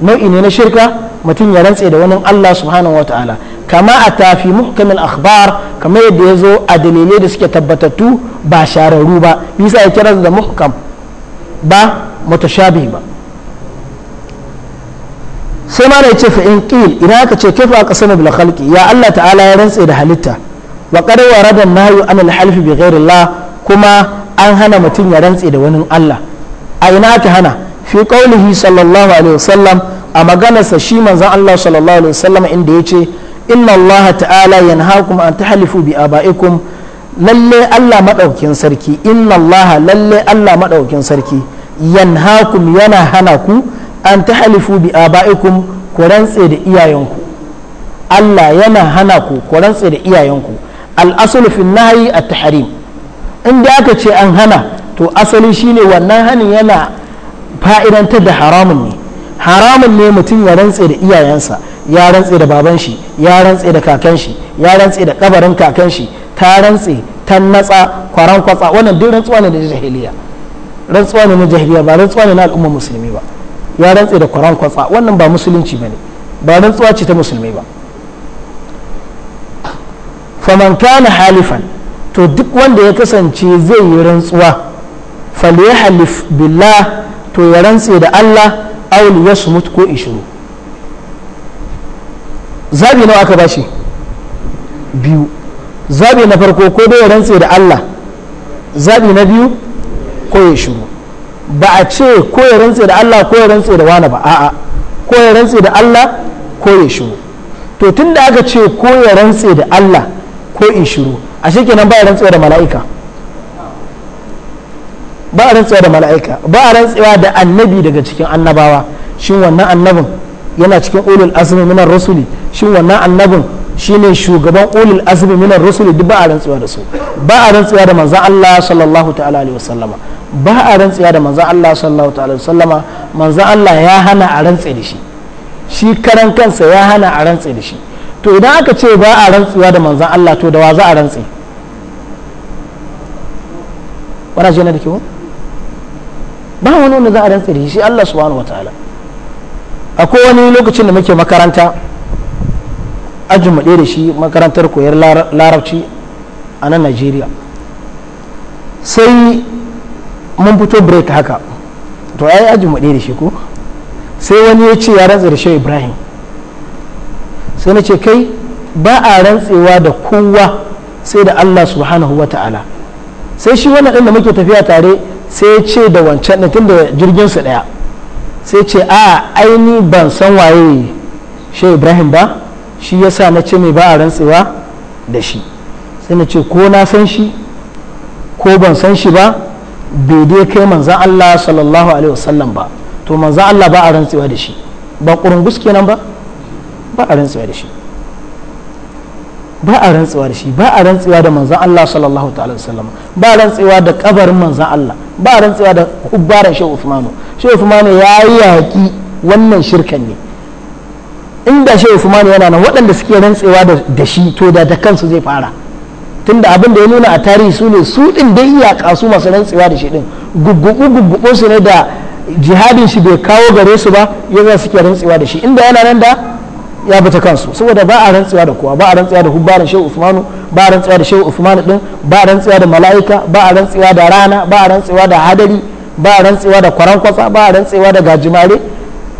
nau'i ne na shirka mutum ya rantse da wani Allah subhanahu wa ta'ala kama a tafi muhkamin akhbar kama yadda ya zo a dalilai da suke tabbatattu ba shararru ba bisa ya kira da muhkam ba mutashabih ba sai ma da ya ce fa ƙil idan aka ce a aqsamu bil khalqi ya Allah ta'ala ya rantse da halitta wa qad warada nahyu an al bai bi la kuma an hana mutum ya rantse da wani Allah a ina ta hana fi qaulihi sallallahu alaihi wasallam a maganarsa shi manzon Allah sallallahu alaihi wasallam inda ce inna Allah ta'ala yanhaakum an tahlifu bi abaikum lalle Allah madaukin sarki inna Allah lalle Allah madaukin sarki yana hana ku an tahlifu bi ku rantse da iyayenku Allah yana hana ku ku rantse da iyayenku al’asul fi nahyi a tahrim in da aka ce an hana to asali shine wannan hanin yana fa'idantar da haramun ne haramun ne mutum ya rantse da iyayensa ya rantse da baban shi ya rantse da kakan shi ya rantse da kabarin kakan shi ta rantse ta natsa kwaran kwatsa wannan duk rantsuwa ne da jahiliya rantsuwa ne na jahiliya ba rantsuwa ne na al'ummar musulmi ba ya rantse da kwaran kwatsa wannan ba musulunci bane ba rantsuwa ce ta musulmi ba faman kana halifan to duk wanda ya kasance zai yi rantsuwa ya halif billah to ya rantse da Allah auli ya sumut ko ishiru zabi nawa aka bashi biyu zabi na farko ko dai ya rantse da Allah zabi na biyu ko ya shiru ba a ce ko ya rantse da Allah ko ya rantse da wani ba a'a ko ya rantse da Allah ko ya shiru to tun da aka ce ko ya rantse da Allah ko in shiru a shi kenan ba a rantsuwa da mala'ika ba a rantsuwa da mala'ika ba a rantsuwa da annabi daga cikin annabawa shin wannan annabin yana cikin ulul azmi minar rasuli shin wannan annabin shine shugaban ulul azmi minar rasuli duk ba a rantsuwa da su ba a rantsuwa da manzon Allah sallallahu ta'ala alaihi wasallama ba a rantsuwa da manzon Allah sallallahu ta'ala alaihi wasallama manzon Allah ya hana a rantsa da shi shi karan kansa ya hana a rantsa da shi to idan aka ce ba a rantsuwa da manzan Allah to da wa za a rantsi wana ce na da kewa ba wani wanda za a rantsi da shi Allah subhanahu wa ta'ala a wani lokacin da muke makaranta ajin ɗaya da shi makarantar koyar larabci a nan Najeriya sai mun fito break haka to ai ajin ɗaya da shi ko sai wani ya ce ya rantsi da shi Ibrahim sai na ce kai ba a rantsewa da kowa sai da Allah subhanahu wa ta'ala sai shi wannan ɗin da muke tafiya tare sai ce da wancan da tun da jirgin su ɗaya sai ce a aini ban san waye shi ibrahim ba shi yasa na ce mai ba a rantsewa da shi sai na ce ko na san shi ko ban san shi ba bai dai kai manzan Allah sallallahu alaihi wasallam ba to manzan Allah ba a rantsewa da shi ba ƙurungus kenan ba ba a rantsuwa da shi ba a rantsuwa da shi ba a rantsuwa da manzan Allah sallallahu ta'ala sallama ba a rantsuwa da kabarin manzan Allah ba a rantsuwa da kubbaran shehu Uthmanu shehu Uthmanu ya yi yaki wannan shirkan ne inda shehu Uthmanu yana nan waɗanda suke rantsuwa da shi to da da kansu zai fara tunda abin da ya nuna a tarihi su ne su ɗin dai iyaka su masu rantsuwa da shi ɗin gugguɓu gugguɓu su ne da jihadin shi bai kawo gare su ba yanzu suke rantsuwa da shi inda yana nan da ya bi ta kansu saboda ba a rantsuwa da kowa ba a rantsuwa da hubbaran shehu usmanu ba a rantsuwa da shehu usmanu din ba a rantsuwa da mala'ika ba a rantsuwa da rana ba a rantsuwa da hadari ba a rantsuwa da kwarankwasa ba a rantsuwa da gajimare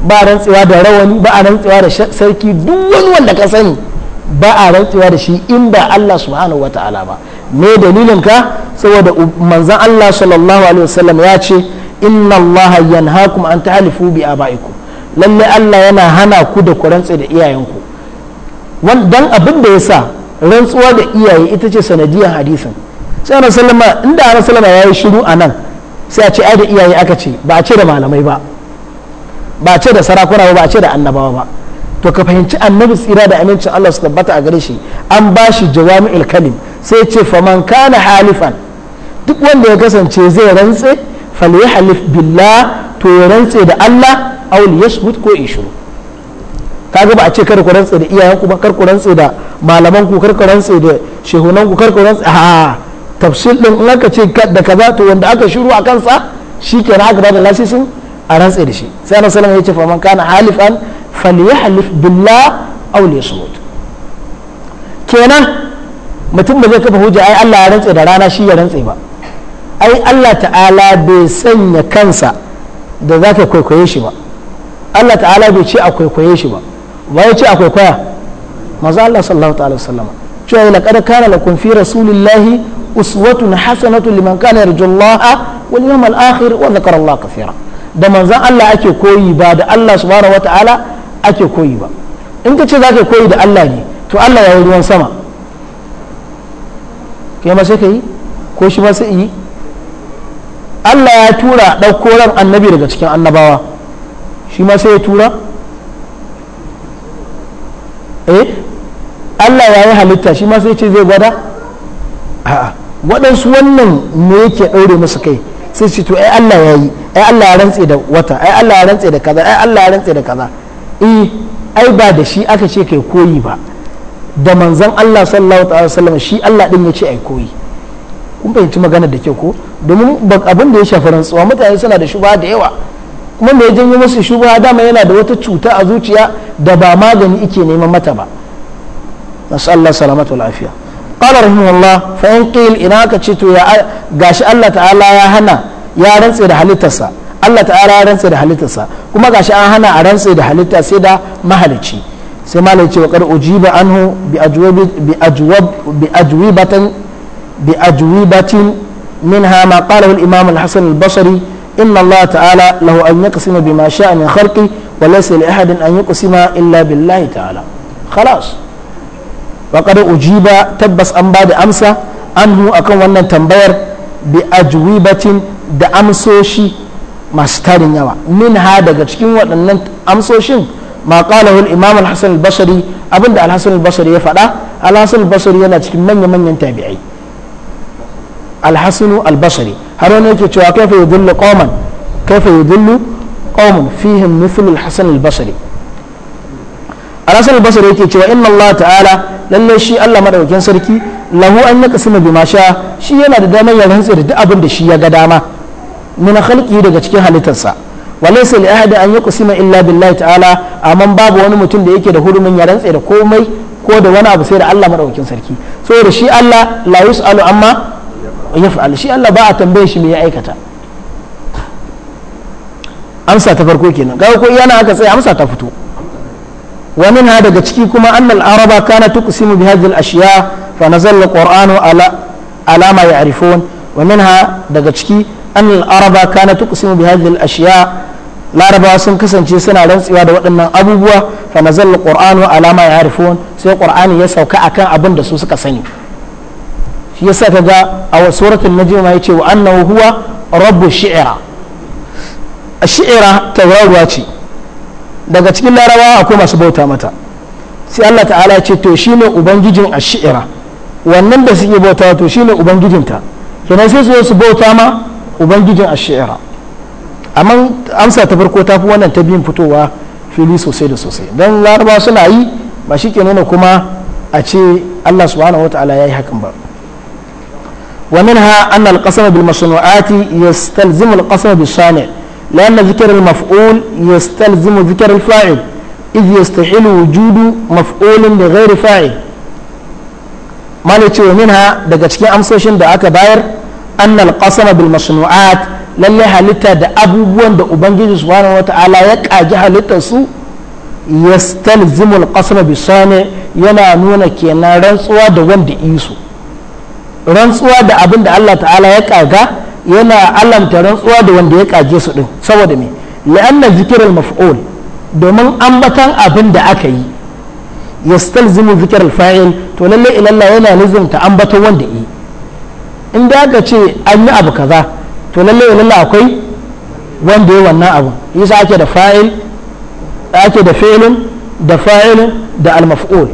ba a rantsuwa da rawani ba a rantsuwa da sarki duk wani wanda ka sani ba a rantsuwa da shi in ba Allah subhanahu wataala ba me dalilin ka saboda manzon Allah sallallahu alaihi wasallam ya ce inna Allah yanhaakum an ta'alifu bi abaikum lalle Allah yana hana ku da ku rantse da iyayenku don abin da ya sa rantsuwa da iyaye ita ce sanadiyar hadisin sai ana sallama inda ana sallama ya yi shiru a nan sai a ce ai da iyaye aka ce ba a ce da malamai ba ba a ce da sarakuna ba a ce da annabawa ba to ka fahimci annabi tsira da amincin Allah su tabbata a gare shi an ba shi jawami'ul kalim sai ce faman kana halifan duk wanda ya kasance zai rantse falyhalif billah to ya rantse da Allah aul yashhud ko ishru kaga ba a ce kar ku rantse da iyayen ku ba kar ku rantse da malaman ku kar ku rantse da shehunan ku kar ku rantse a tafsir din in aka ce da kaza to wanda aka shiru a kansa shikenan aka bada lasisin a rantse da shi sai annabi sallallahu alaihi wasallam ya ce faman kana halifan falyahlif billah aw liyasmut kenan mutum ba zai kafa hujja ai Allah ya rantse da rana shi ya rantse ba ai Allah ta'ala bai sanya kansa da za ka kwaikwaye shi ba Allah ta'ala bai ce a kwaikwaye shi ba ba ya ce a kwaikwaya maza Allah sallallahu ta'ala sallama cewa ila kada kana lakum fi rasulillahi uswatun hasanatu liman kana yarjullaha wal yawmal akhir wa dhakara Allah kathira da manzan Allah ake koyi ba da Allah subhanahu wata'ala ake koyi ba in ka ce za ka koyi da Allah ne to Allah ya yi ruwan sama kai ma sai ka yi ko shi ma sai yi Allah ya tura ɗauko ran annabi daga cikin annabawa shi ma sai ya tura eh Allah ya yi halitta shi ma sai ce zai gwada a'a waɗansu wannan me yake ɗaure musu kai sai ce to ai Allah ya yi ai Allah ya rantse da wata ai Allah ya rantse da kaza ai Allah ya rantse da kaza eh ai ba da shi aka ce kai koyi ba da manzon Allah sallallahu alaihi wasallam shi Allah din ya ce ai koyi kun fahimci magana da kyau ko domin abin da ya shafi rantsuwa mutane suna da shuba da yawa kuma mai janyo musu shubha dama yana da wata cuta a zuciya da ba magani ike neman mata ba nasu Allah salamatu lafiya qala rahimahullah fa in qil ina ka ce to ya gashi Allah ta'ala ya hana ya rantse da halittarsa Allah ta'ala ya rantse da halittarsa kuma gashi an hana a rantse da halitta sai da mahalici sai malai ce wa qad ujiba anhu bi ajwab bi ajwab bi ajwibatan bi ajwibatin minha ma qala al-imam al-hasan al-basri إن الله تعالى له أن يقسم بما شاء من خلقه وليس لأحد أن يقسم إلا بالله تعالى خلاص وقد أجيب تبس أن بعد أمسى أنه أكون وانا تنبير بأجوبة da amsoshi masu tarin yawa min ha daga cikin waɗannan amsoshin ma qalahu al-imam al-hasan al abinda al-hasan al ya faɗa al-hasan al yana cikin manya manyan tabi'ai al-hasan al har wani yake cewa kaifa yudillu qauman kaifa yudillu qauman fihim mithlu al-hasan al-basri al-hasan al-basri yake cewa inna Allah ta'ala lalle shi Allah madaukakin sarki lahu an yaqsimu bima sha shi yana da damar ya rantsa da duk abin da shi ya ga dama min khalqi daga cikin halittarsa walaysa li ahadin an yaqsima illa billahi ta'ala amma babu wani mutum da yake da hurumin ya rantsa da komai ko da wani abu sai da Allah madaukakin sarki saboda shi Allah la yus'alu amma yaf'al shi Allah ba a tambaye shi me ya aikata amsa ta farko kenan kaga ko yana aka tsaya amsa ta fito wani minha daga ciki kuma annal araba kana tuqsimu bi hadhihi al-ashya fa nazala al-qur'anu ala ala ma ya'rifun wa minha daga ciki annal araba kana tuqsimu bi hadhihi al-ashya larabawa sun kasance suna rantsewa da waɗannan abubuwa fa nazala al-qur'anu ala ma ya'rifun sai qur'ani ya sauka akan abin da su suka sani yasa ga a suratul najm ya ce wa annahu huwa rabbu shi'ra shi'ra tauraruwa ce daga cikin larabawa akwai masu bauta mata sai Allah ta'ala ce to shine ubangijin shi'ira wannan da suke bauta to shine ubangijinta kenan sai su su bauta ma ubangijin ashira amma amsa ta farko ta fi wannan ta biyin fitowa fili sosai da sosai don larabawa suna yi ba shi ke nuna kuma a ce Allah subhanahu ta'ala ya yi hakan ba ومنها أن القسم بالمصنوعات يستلزم القسم بالصانع لأن ذكر المفعول يستلزم ذكر الفاعل إذ يستحيل وجود مفعول لغير فاعل ما نتوى منها daga cikin amsoshin da aka bayar أن القسم بالمصنوعات lalle halitta da abubuwan da ubangiji subhanahu wata'ala ya kaji halittar su yastalzimul qasma bisani yana nuna kenan rantsuwa da wanda isu rantsuwa da abin da Allah ta'ala ya kaga yana alamta rantsuwa da wanda ya kaje su din saboda me la'anna al maf'ul domin ambatan abin da aka yi yastalzimu al fa'il to lalle ilalla yana ta ambatan wanda yi in da aka ce an yi abu kaza to lalle ilalla akwai wanda ya wannan abu yasa ake da fa'il ake da fi'ilin da fa'ilin da al-maf'ul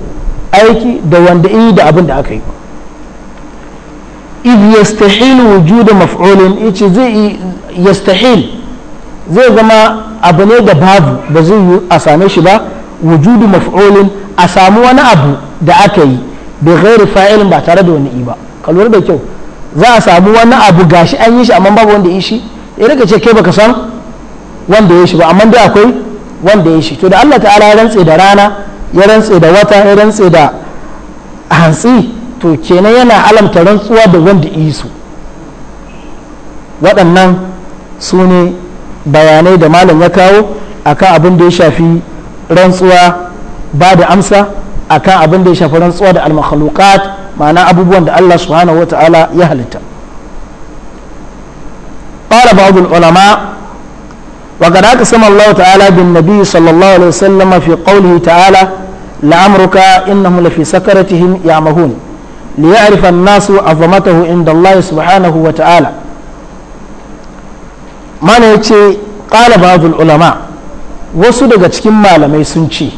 aiki da wanda yi da abin da aka yi iz yastahil wujuda maf'ulin yace zai yastahil zai zama abu ne da babu ba zai yi a shi ba wujudu maf'ulin a samu wani abu da aka yi bai ghairi fa'ilin ba tare da wani i ba ka lura da kyau za a samu wani abu ga shi an yi shi amma babu wanda ya shi ya rika ce kai baka san wanda ya shi ba amma dai akwai wanda ya shi to da Allah ta'ala ya rantse da rana ya rantse da wata ya rantse da hantsi to kenan yana alamta rantsuwa da wanda isu waɗannan su ne bayanai da malam ya kawo akan abin da ya shafi rantsuwa ba da amsa akan abin da ya shafi rantsuwa da almakhalukat ma'ana abubuwan da Allah subhanahu wata'ala ya halitta qala ba'd ulama wa qad aqsama Allah ta'ala bin nabi sallallahu alaihi wasallam fi qawlihi ta'ala la'amruka innahum lafi sakaratihim ya'mahun ليعرف الناس عظمته عند الله سبحانه وتعالى ما نيتي قال بعض العلماء wasu daga cikin malamai sun ce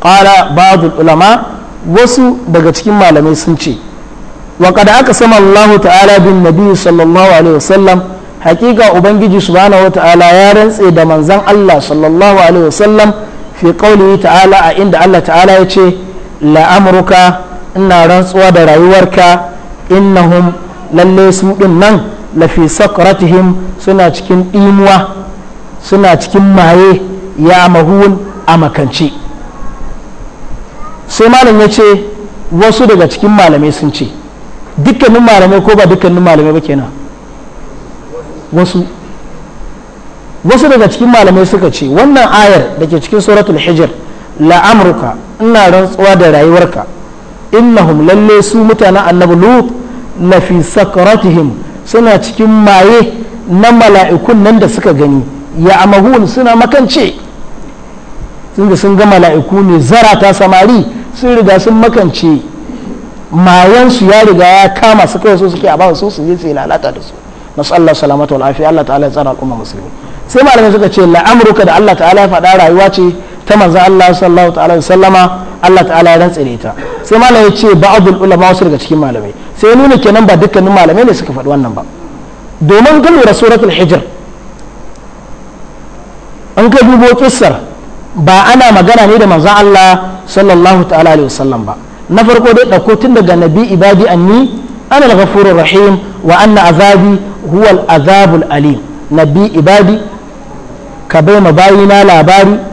ƙara ba'adul ulama wasu daga cikin malamai sun ce wa kada aka sama Allah ta'ala bin nabi sallallahu alaihi wasallam hakika ubangiji subhanahu ta'ala ya rantse da manzan Allah sallallahu alaihi wasallam fi qawli ta'ala a inda Allah ta'ala ya ce la'amruka ina rantsuwa da rayuwarka innahum lalle su din nan lafi sakratihim suna cikin ɗimuwa suna cikin maye ya mahun a makance sai malam ya ce wasu daga cikin malamai sun ce dukkanin malamai ko ba dukkanin malamai ba kenan wasu wasu daga cikin malamai suka ce wannan ayar da ke cikin suratul hijr la'amurka ina rantsuwa da rayuwarka innahum lalle su mutanen annabi lut na fi sakaratihim suna cikin maye na mala'ikun nan da suka gani ya amahun suna makance sun da sun ga mala'iku ne zarata samari sun riga sun makance mayansu ya riga ya kama su kai su suke a bawa su su je su lalata da su nasu Allah salamatu al'afiya Allah ta'ala ya tsara al'umma musulmi sai malamai suka ce la'amuruka da Allah ta'ala ya faɗa rayuwa ce ta manzan Allah sallallahu ta'ala ya sallama Allah ta'ala ya rantsa ta sai malam ya ce ba'adul ulama wasu daga cikin malamai sai ya nuna kenan ba dukkanin malamai ne suka faɗi wannan ba domin ga lura suratul hijr an ka dubo kissar ba ana magana ne da manzon Allah sallallahu ta'ala alaihi wasallam ba na farko dai dauko tun daga nabi ibadi anni ana al-ghafurur rahim wa anna azabi huwa al-azabul alim nabi ibadi ka bai bayina labari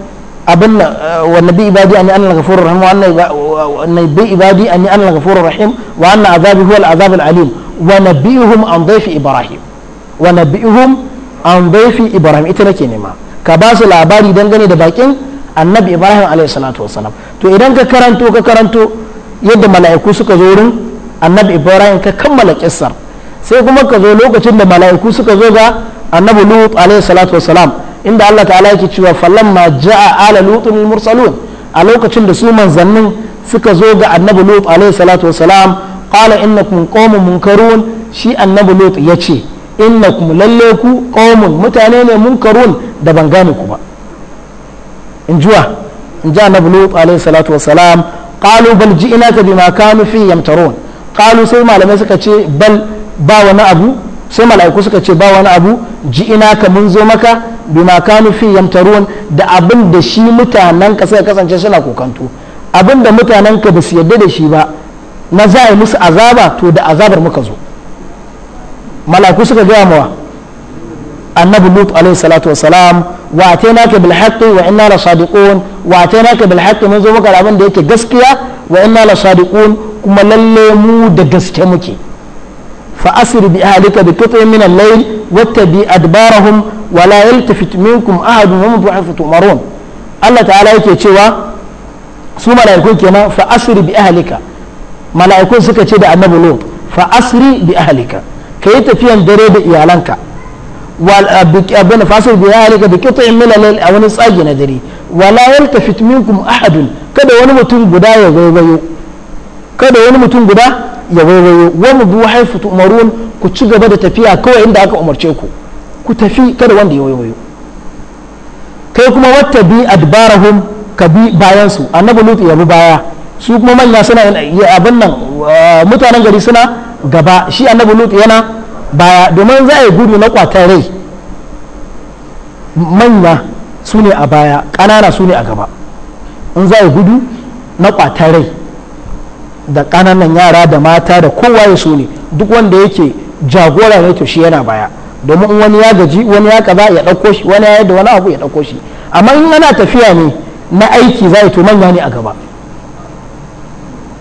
abin eh, wa nabi ibadi anni ana al-ghafurur rahim wa anna nabi ibadi anni ana al rahim wa an azabi huwa al-azab al-alim wa nabihum an dhayfi ibrahim wa nabihum an dhayfi ibrahim ita nake nema ka ba su labari dangane da bakin annabi ibrahim alayhi salatu wasalam to idan ka karanto ka karanto yadda mala'iku suka zo wurin annabi ibrahim ka kammala kissar sai kuma ka zo lokacin da mala'iku suka zo ga annabi lut alayhi salatu wasalam inda Allah ta'ala yake cewa falamma ja'a ala lutun mursalun a lokacin da su manzannin suka zo ga annabi lut alaihi salatu wassalam qala innakum qaumun munkarun shi annabi lut yace innakum lalle ku qaumun mutane ne munkarun da ban gane ku ba in juwa in ji annabi lut alaihi salatu wassalam qalu bal ji'naka bima kanu fi yamtarun qalu sai malamai suka ce bal ba wani abu sai mala'iku suka ce ba wani abu ji'inaka mun zo maka bima kanu fi yamtarun da abin da shi mutanen ka sai kasance suna kokanto abin da mutanen ka ba su yadda da shi ba na za a yi musu azaba to da azabar muka zo malaku suka gaya mawa annabi lut alaihi salatu wassalam wa ka bil haqqi wa inna la sadiqun wa ka bil haqqi mun zo muka abin da yake gaskiya wa inna la sadiqun kuma lalle mu da gaske muke فأسر بأهلك بقطع من الليل واتبع أدبارهم ولا يلتفت منكم أحد وهم حيث تؤمرون الله تعالى yake cewa su mala'ikun kenan fa asri bi ahlika mala'ikun suka ce da annabi lut fa asri bi ahlika kai tafiyan dare da iyalanka wal abin fa asri bi ahlika bi qit'in min al-layl na dare wala yaltafit kada wani mutum guda ya gaibayo kada wani mutum guda ya waiwayo wani buwa haifu tu'marun ku ci gaba da tafiya kawai inda aka umarce ku ku tafi kada wanda ya waiwayo kai kuma wata bi adbarahum ka bi bayansu su annabi lutu ya bi baya su kuma manya suna abin nan mutanen gari suna gaba shi annabi lutu yana baya domin za a yi gudu na kwatar rai manya su ne a baya ƙanana su ne a gaba in za a yi gudu na kwatar rai da ƙananan yara da mata da kowa ya so ne duk wanda yake jagora ne to shi yana baya domin wani ya gaji wani ya kaza ya ɗauko shi wani ya yadda wani abu ya ɗauko shi amma in yana tafiya ne na aiki za to manya ne a gaba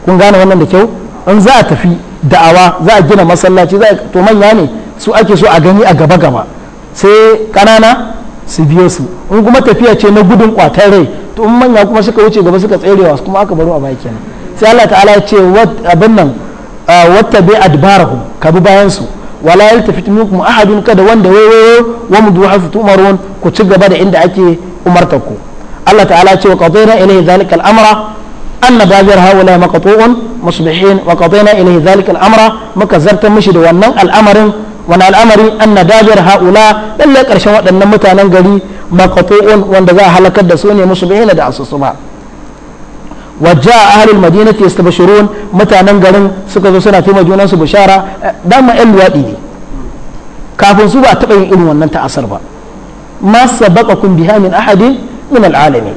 kun gane wannan da kyau in za a tafi da'awa za a gina masallaci za a to manya ne su ake so a gani a gaba gaba sai ƙanana su biyo su in kuma tafiya ce na gudun kwatar rai to in manya kuma suka wuce gaba suka tserewa kuma aka baro a baya kenan sai Allah ta'ala ya ce abin nan wata bai adbarahu ka bi bayan su wala yaltafit minkum ahadun kada wanda wayo wa mudu hasu tumarun ku ci gaba da inda ake umartar ku Allah ta'ala ce wa qadayna ilayhi zalika al-amra anna babir haula maqtu'un musbihin wa qadayna ilayhi zalika al-amra maka zartar mishi da wannan al'amarin wani al'amari anna dabir haula lalle karshen waɗannan mutanen gari maqtu'un wanda za a halakar da su ne musbihina da asusuma. wajja ahlul madinati yastabshirun mutanen garin suka zo suna taimaka junansu bishara dama yan luwaɗi ne kafin su ba taɓa yin irin wannan ta'asar ba ma kun biha min ahadin min alalamin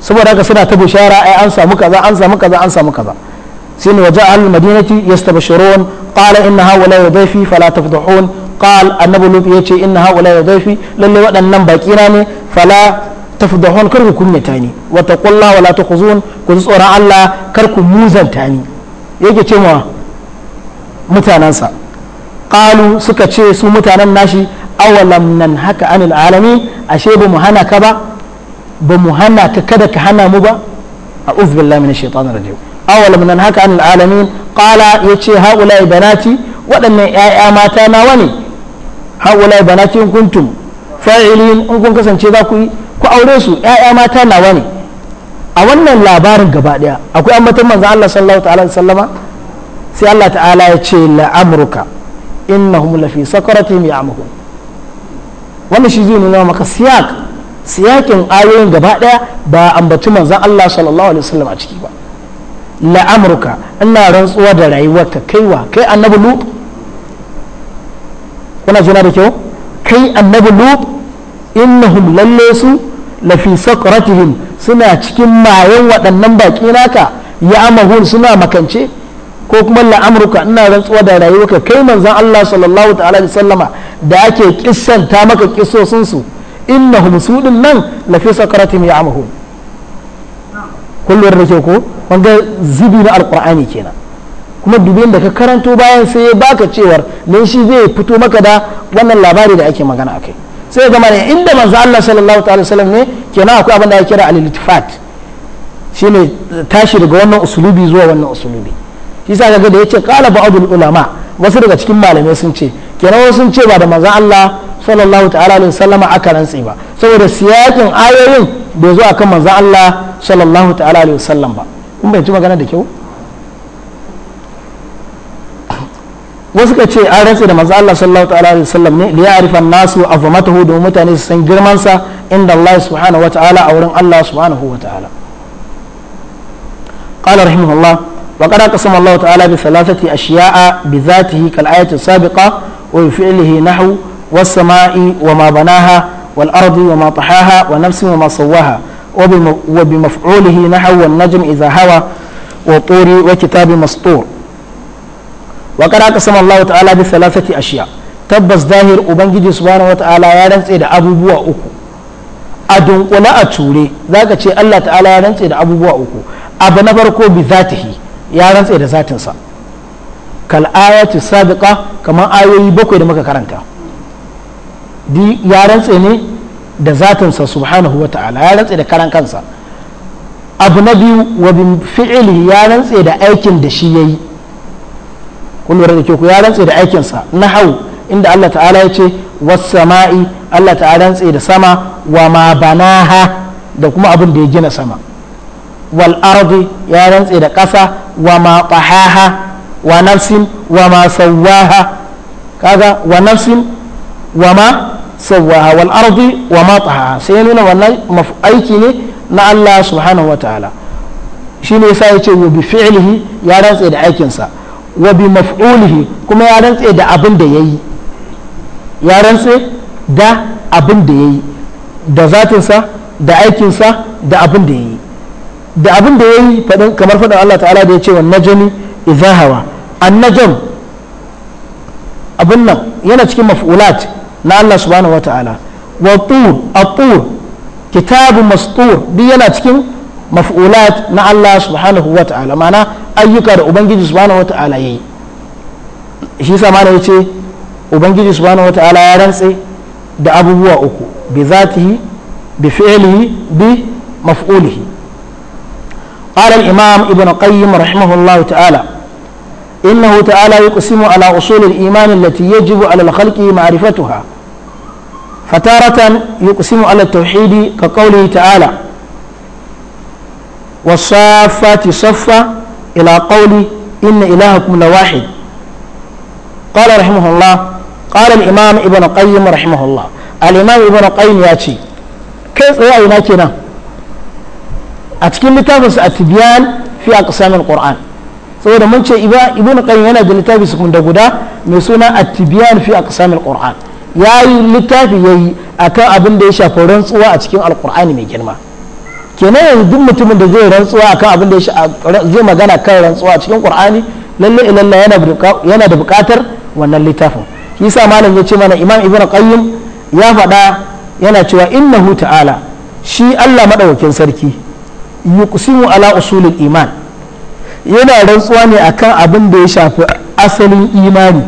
saboda haka suna ta bishara ai an samu kaza an samu kaza an samu kaza sai ne waje ahlul madinati yastabshirun qala inna haula yadayfi fala tafdahun qal annabi lut yace inna haula yadayfi lalle waɗannan baki na ne fala tafdahun kar ku kunyata tani wa taqulla wala tukhzun ku tsoron Allah kar ku muzanta ni yake ce ma sa qalu suka ce su mutanen nashi awalam nan haka anil alami ashe ba mu hana ka ba ba mu hana ka kada ka hana mu ba a uzbillah min shaitan rajim awalam nan haka anil alamin qala yace haula banati waɗannan ƴaƴa mata nawa ne haula banati in kuntum fa'ilin in kun kasance za ku yi aure su ƴaƴa mata nawa ne a wannan labarin gaba daya akwai ambaton manzon Allah sallallahu ta'ala alaihi wasallama sai Allah ta'ala ya ce la'amruka innahum lafi sakaratihim ya'mahun wannan shi zai nuna maka siyak siyakin ayoyin gaba daya ba ambaci manzon Allah sallallahu alaihi wasallam a ciki ba la'amruka ina rantsuwa da rayuwarka kaiwa kai annabi lut kuna jina da kyau kai annabi lut innahum lalle su lafi sakratihim suna cikin mayan waɗannan baƙi naka ya amahun suna makance ko kuma la'amurka ina rantsuwa da rayuwarka kai manzan Allah sallallahu ta'ala da sallama da ake kissanta maka kissosin su innahum su nan lafi sakratihim ya amahun kullum da ke ko wanda zibi na alqur'ani kenan kuma dubin da ka karanto bayan sai ya baka cewar ne shi zai fito maka da wannan labari da ake magana akai sai ga mana inda manzo Allah sallallahu ta'ala wasallam ne kenan akwai abin da ake kira al-iltifat shine tashi daga wannan usulubi zuwa wannan usulubi shi sa ga da yace qala ba'dul ulama wasu daga cikin malamai sun ce kenan wasu sun ce ba da manzo Allah sallallahu ta'ala alaihi wasallam aka rantsi ba saboda siyakin ayoyin bai zo akan manzo Allah sallallahu ta'ala alaihi wasallam ba kun bai ci magana da kyau wasu ka ce an rantse da manzo Allah sallallahu alaihi wasallam ne da ya arifa nasu azamatahu domin mutane su san girman sa inda Allah subhanahu wa ta'ala a wurin Allah subhanahu wataala ta'ala qala rahimahullah wa qad qasama Allah ta'ala bi thalathati ashiya'a bi dhatihi kal ayati sabiqa wa bi fi'lihi nahwu was sama'i wa ma banaha wal ardi wa ma tahaha wa nafsin wa ma sawaha wa bi maf'ulihi nahwu wan najm idha hawa wa turi wa kitabin mastur wa qad aqsama Allah ta'ala bi thalathati ashiya tabbas zahir ubangiji subhanahu wata'ala ya rantse da abubuwa uku a dunkula a ture zaka ce Allah ta'ala ya rantse da abubuwa uku abu na farko bi zatihi ya rantse da zatinsa kal ayatu sabiqa kamar ayoyi bakwai da muka karanta ya rantse ne da zatinsa subhanahu wa ta'ala ya rantse da abu na biyu wabin fi'ili ya rantse da aikin da shi yayi kun lura da ke ku ya rantse da aikinsa na hau inda Allah ta'ala ya ce wasama'i Allah ta'ala rantse da sama wa ma banaha da kuma abin da ya gina sama wal ardi ya rantse da ƙasa wa ma tahaha wa nafsin wa ma sawaha kaga wa nafsin wa ma sawaha wal ardi wa ma tahaha sai nuna wannan aiki ne na Allah subhanahu wa ta'ala shine yasa ya ce wa bi fi'lihi ya rantse da aikinsa wa bi maf'ulihi kuma ya rantse da abin da yayi ya rantse da abin da yayi da zatinsa da aikinsa da abin da yayi da abin da yayi fadin kamar fadin Allah ta'ala da ya ce wan najmi idha hawa an najm abin nan yana cikin maf'ulat na Allah subhanahu wa ta'ala wa tur at-tur kitabun mastur bi yana cikin maf'ulat na Allah subhanahu wa ta'ala mana ayyuka da ubangiji subhanahu wa ta'ala yayi shi sama ne yace ubangiji subhanahu wa ta'ala ya rantse da abubuwa uku bi zatihi bi fi'lihi bi maf'ulihi قال الإمام ابن قيم رحمه الله تعالى إنه تعالى يقسم على أصول الإيمان التي يجب على الخلق معرفتها فتارة يقسم على التوحيد كقوله تعالى والصافات صفا إلى قولي إن إلهكم لواحد قال رحمه الله قال الإمام ابن القيم رحمه الله الإمام ابن القيم ياتي كيف رأينا كنا أتكلم لتابس التبيان في أقسام القرآن saboda mun ce ibn qayyim yana da littafi su guda mai suna at-tibyan fi aqsam al-qur'an yayi littafi yayi akan abin da ya shafi rantsuwa a cikin alkur'ani mai girma kenan yanzu duk mutumin da zai rantsuwa akan abin da zai magana kan rantsuwa a cikin qur'ani lalle ilalla yana da buƙatar wannan littafin sa malam ya ce mana imam ibn qayyim ya faɗa yana cewa innahu ta'ala shi Allah madaukakin sarki yuqsimu ala usulil iman yana rantsuwa ne akan abin da ya shafi asalin imani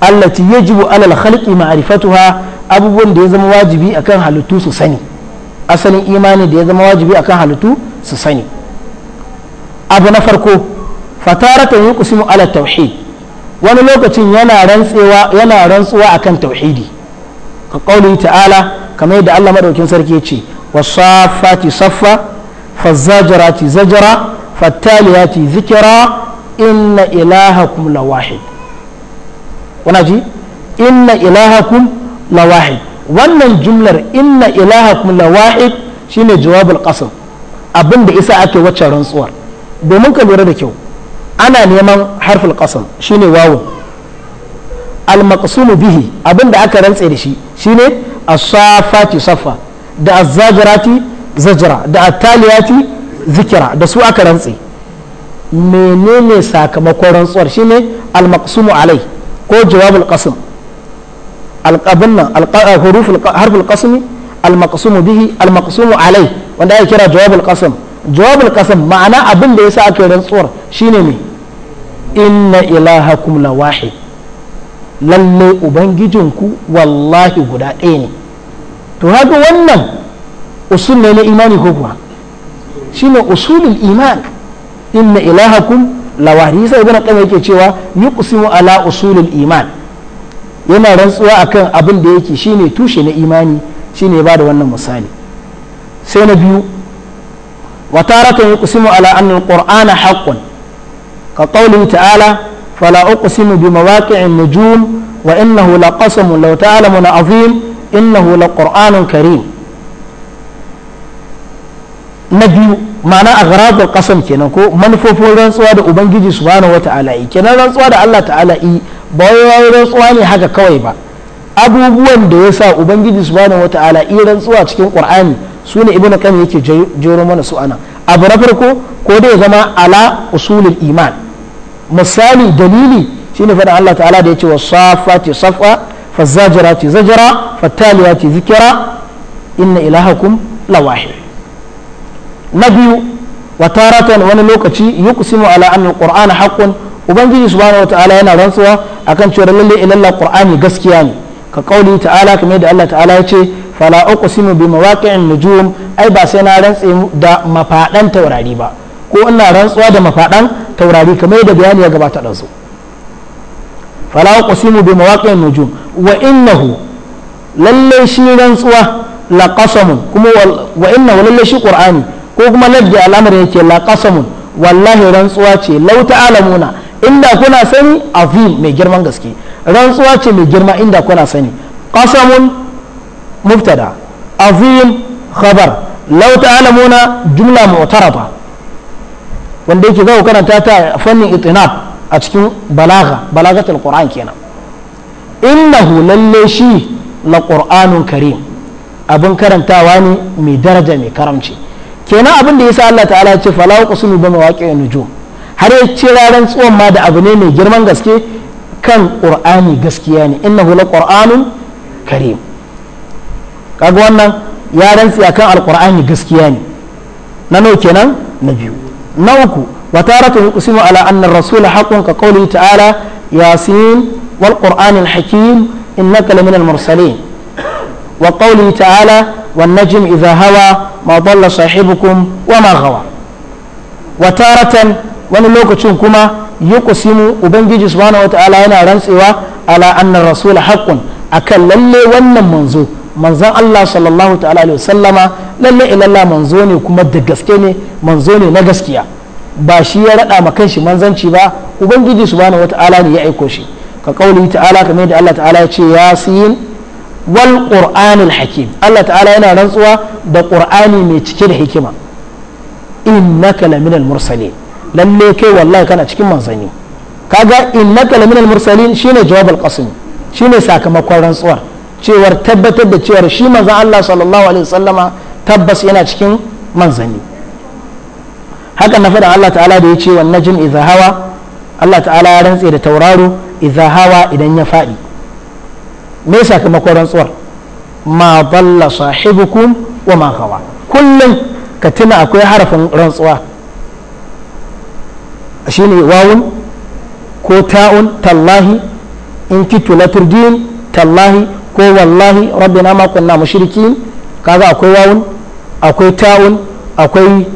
allati yajibu ala al-khalqi ma'rifatuha abubuwan da ya zama wajibi akan halittu su sani asalin imani da ya zama wajibi akan halittu su sani abu na farko fataratan yuqsimu ala tauhid wani lokacin yana yana rantsuwa akan tauhidi ka qauli ta'ala kamar yadda Allah madaukin sarki ya ce wasafati saffa fazajarati zajara fattaliyati zikira inna ilahakum lawahid wana ji inna ilahakum lawahid wannan jumlar inna ilaha la wahid shine jawabul qasam abinda isa ake wacce rantsuwar domin ka lura da kyau ana neman harful qasam shine wawu al bihi abin da aka rantse da shi shine as-safati safa da az-zajrati zajra da at-taliyati da su aka rantse menene sakamakon rantsuwar shine al alai ko jawabul qasam alqabun nan huruful harful qasmi al maqsum bihi al maqsum wanda ake kira jawabul qasam jawabul qasam ma'ana abin da yasa aka rantsuwar shine me inna ilahakum la wahid lalle ubangijinku wallahi guda ɗaya ne to haka wannan usul ne na imani ko kuwa shine usulul iman inna ilahakum la wahid yasa ibn qayyim yake cewa yuqsimu ala usulul iman yana rantsuwa kan abin da yake shine tushe na imani shine ba da wannan misali sai na biyu wa taratan yuqsimu ala anna alqur'ana haqqun ka qawlihi ta'ala fala uqsimu bi mawaqi'in nujum wa innahu laqasamun law ta'lamuna azim innahu laqur'anun karim na biyu ma'ana aghrabul kasan kenan ko manufofin rantsuwa da ubangiji subhanahu wata'ala yi kenan rantsuwa da Allah ta'ala yi ba wai rantsuwa ne haka kawai ba abubuwan da ya sa ubangiji subhanahu wata'ala yi rantsuwa cikin qur'ani su ne ibnu qayyim yake jero mana su ana abu na farko ko dai zama ala usulul iman misali dalili shine faɗin Allah ta'ala da yace wasafati safa fazajirati zajra fataliyati zikra inna ilahakum lawahid na biyu wa taratan wani lokaci yuqsimu ala anna alquran haqqun ubangiji subhanahu wataala yana rantsuwa akan cewa lalle ilalla qur'ani gaskiya ne ka kauli ta'ala kamar da Allah ta'ala ya ce fala uqsimu bi mawaqi'in nujum ai ba sai na rantsi da mafadan taurari ba ko ina rantsuwa da mafadan taurari kamar da bayani ya gabata da su fala uqsimu bi mawaqi'in nujum wa innahu lalle shi rantsuwa la qasamun kuma wa innahu lalle shi qur'ani ko kuma laddi al'amari yake la qasamun wallahi rantsuwa ce lauta alamuna inda kuna sani azim mai girman gaske rantsuwa ce mai girma inda kuna sani qasamun muftada azim khabar lauta alamuna jumla mu'tarafa wanda yake ga karanta ta fannin itinab a cikin balaga balagatul qur'an kenan innahu lalle shi la qur'anun karim abin karantawa ne mai daraja mai karamci kenan abin da yasa Allah ta'ala ce fala uqsimu bi mawaqi'in nujum har ya ce raran tsuwan ma da abu ne mai girman gaske kan qur'ani gaskiya ne innahu laqur'anun karim kaga wannan ya rantsi akan alqur'ani gaskiya ne na nau kenan na biyu na uku wa taratan yuqsimu ala anna ar-rasula haqqun ka qawli ta'ala yasin wal qur'anil hakim innaka lamina al-mursalin wa qawli ta'ala والنجم إذا هوى ما ضل صاحبكم وما غوى وتارة ونلوكتون كما يقسم وبنجي سبحانه وتعالى هنا رنسوا على أن الرسول حق أكل للي ون منزو manzon Allah sallallahu ta'ala alaihi sallama lalle ilalla manzo ne kuma da gaske ne manzo ne na gaskiya ba shi ya raɗa ma shi manzanci ba ubangiji subhanahu wata'ala ne ya aiko shi ka kauli kamar da Allah ta'ala ya ce wal qur'anil hakim Allah ta'ala yana rantsuwa da qur'ani mai cike da hikima innaka laminal mursalin lalle kai wallahi kana cikin manzani kaga innaka laminal mursalin shine jawabul qasim shine sakamakon rantsuwar cewar tabbatar da cewar shi manzon Allah sallallahu alaihi wasallama tabbas yana cikin manzani. haka na faɗa Allah ta'ala da ya ce wannan jin idza hawa Allah ta'ala ya rantse da tauraro idza hawa idan ya faɗi me ya sakamakon rantsuwar ma balla sahibukum wa ma hawa kullum ka tuna akwai harafin rantsuwa ne wawun ko ta'un tallahi in kitu la tallahi ko wallahi rabbina ma kunna mushrikin kaga akwai wawun akwai ta'un akwai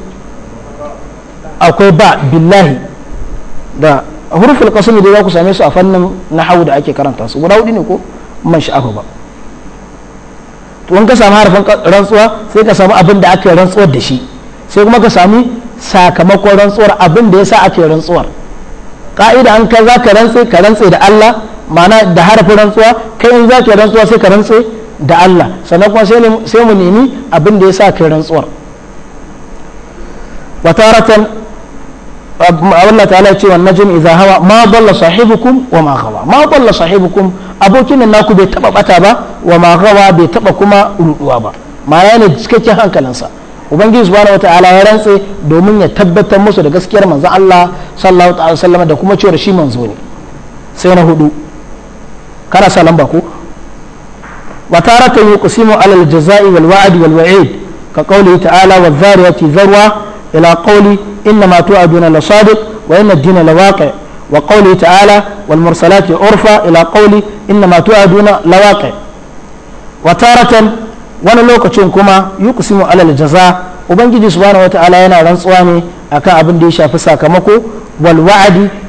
akwai ba billahi da hurufin kasumi dai za ku same su a fannin nahawu da ake karanta su guda hudu ne ko man sha'afa ba to in ka samu harafin rantsuwa sai ka samu abin da ake rantsuwar da shi sai kuma ka sami sakamakon rantsuwar abin da ya sa ake rantsuwar ka'ida an ka za ka rantse ka rantse da Allah ma'ana da harafin rantsuwa kai in za ka rantsuwa sai ka rantse da Allah sannan kuma sai mu nemi abin da ya sa ka rantsuwar wataratan Allah ta'ala ce wannan jin idza hawa ma dalla sahibukum wa ma ghawa ma dalla sahibukum abokin nan naku bai taba bata ba wa ma ghawa bai taba kuma ruduwa ba ma yana cikakken hankalinsa ubangiji subhanahu wataala ya rantse domin ya tabbatar musu da gaskiyar manzo Allah sallallahu alaihi wasallam da kuma cewar shi manzo ne sai na hudu kana sa lamba ko wa taratan yuqsimu alal jazai wal wa'd wal wa'id ka qawli ta'ala wadh-dhariyati dharwa إلى قولي إنما توعدون لصادق وإن الدين لواقع وقوله تعالى والمرسلات عرفا إلى قولي إنما توعدون لواقع وتارة wani lokacin kuma yuqsimu alal jaza ubangiji subhanahu ta'ala yana rantsuwa ne akan abin da ya shafi sakamako wal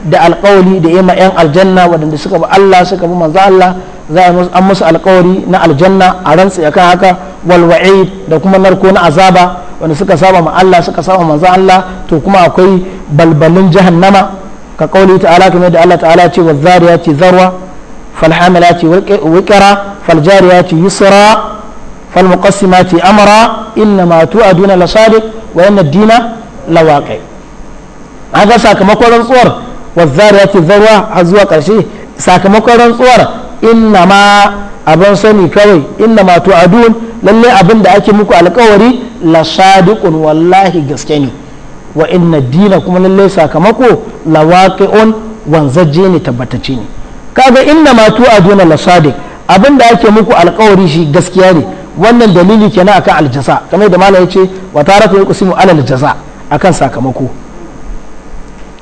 da alƙawli da yima yan aljanna waɗanda suka ba Allah suka bi manzo Allah za a an musu alkawari na aljanna a rantsi akan haka wal da kuma narko na azaba wanda suka saba ma Allah suka saba manzo Allah to kuma akwai balbalin jahannama ka kauli ta'ala kamar da Allah ta'ala ce wazariya ce zarwa fal hamilati wiqra fal jariyati yusra fal muqassimati amra inna ma tu'aduna la sadiq wa inna ad-dina la waqi haka sakamakon rantsuwar wazariya ce zarwa har zuwa karshe sakamakon rantsuwar inna ma abin sani kawai inna ma adun lalle abin da ake muku alkawari la sadiqun wallahi gaske ne wa inna dina kuma lalle sakamako la waqi'un wanzaje ne tabbatacce ne kaga inna ma tu'aduna la sadiq abin da ake muku alkawari shi gaskiya ne wannan dalili kenan akan aljasa kamar da malam ce wa taratu yuqsimu alal jaza akan sakamako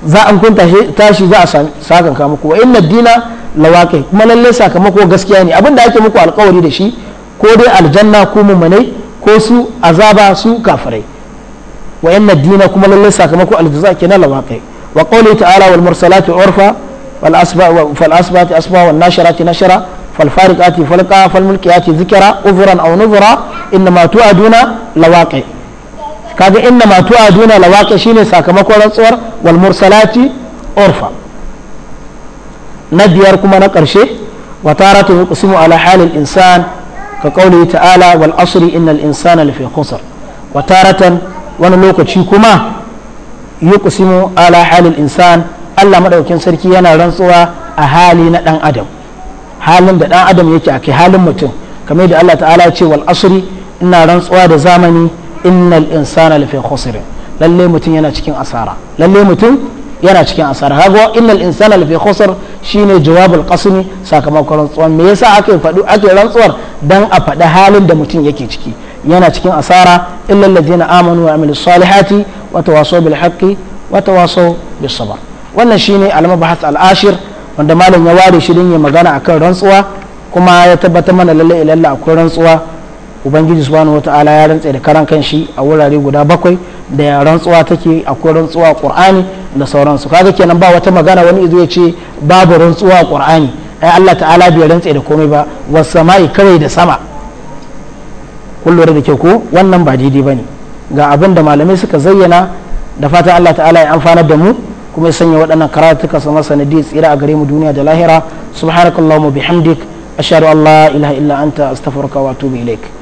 za an kun tashi za a sakanka muku wa inna dina lawaqi kuma lalle sakamako gaskiya ne abinda ake muku alkawari da shi ko dai aljanna ko mummunai ko su azaba su kafirai wa inna dina kuma lalle sakamako aljaza na lawaqi wa qawli ta'ala wal mursalati urfa wal asba fal asbati asba nashara fal fariqati falqa fal mulkiyati zikra uzran aw nuzra inma tu'aduna lawaqi kaga inna ma tu'aduna lawaqi shine sakamakon rantsuwar wal mursalati urfa na biyar kuma na ƙarshe wa taratu yuqsimu ala halil insan ka qawli ta'ala wal asri innal insana lafi khusr wa taratan wani lokaci kuma yuqsimu ala halil insan Allah madaukakin sarki yana rantsuwa a hali na dan adam halin da dan adam yake a halin mutum kamar da Allah ta'ala ya ce wal asri ina rantsuwa da zamani innal insana lafi khusr lalle mutum yana cikin asara lalle mutum yana cikin asara kaga innal insana lafi khusr shine jawabul qasmi sakamakon rantsuwa me yasa ake fadu ake rantsuwar dan a faɗi halin da mutum yake ciki yana cikin asara illal ladina amanu wa amilus salihati wa tawasaw bil haqqi wa tawasaw bis sabr wannan shine al-mabahas al-ashir wanda malam ya ware shi din ya magana akan rantsuwa kuma ya tabbatar mana lalle ilalla akwai rantsuwa ubangiji subhanahu wataala ya rantse da karan kanshi a wurare guda bakwai da ya rantsuwa take akwai rantsuwa qur'ani da sauransu kaga kenan ba wata magana wani izo ya ce babu rantsuwa qur'ani ai Allah ta'ala bai rantse da komai ba was sama'i kawai da sama kullum da ke ko wannan ba daidai bane ga abin da malamai suka zayyana da fatan Allah ta'ala ya amfana da mu kuma ya sanya waɗannan karatuka su masa sanadi tsira a gare mu duniya da lahira subhanakallahumma bihamdik ashhadu an la ilaha illa anta astaghfiruka wa atubu ilaik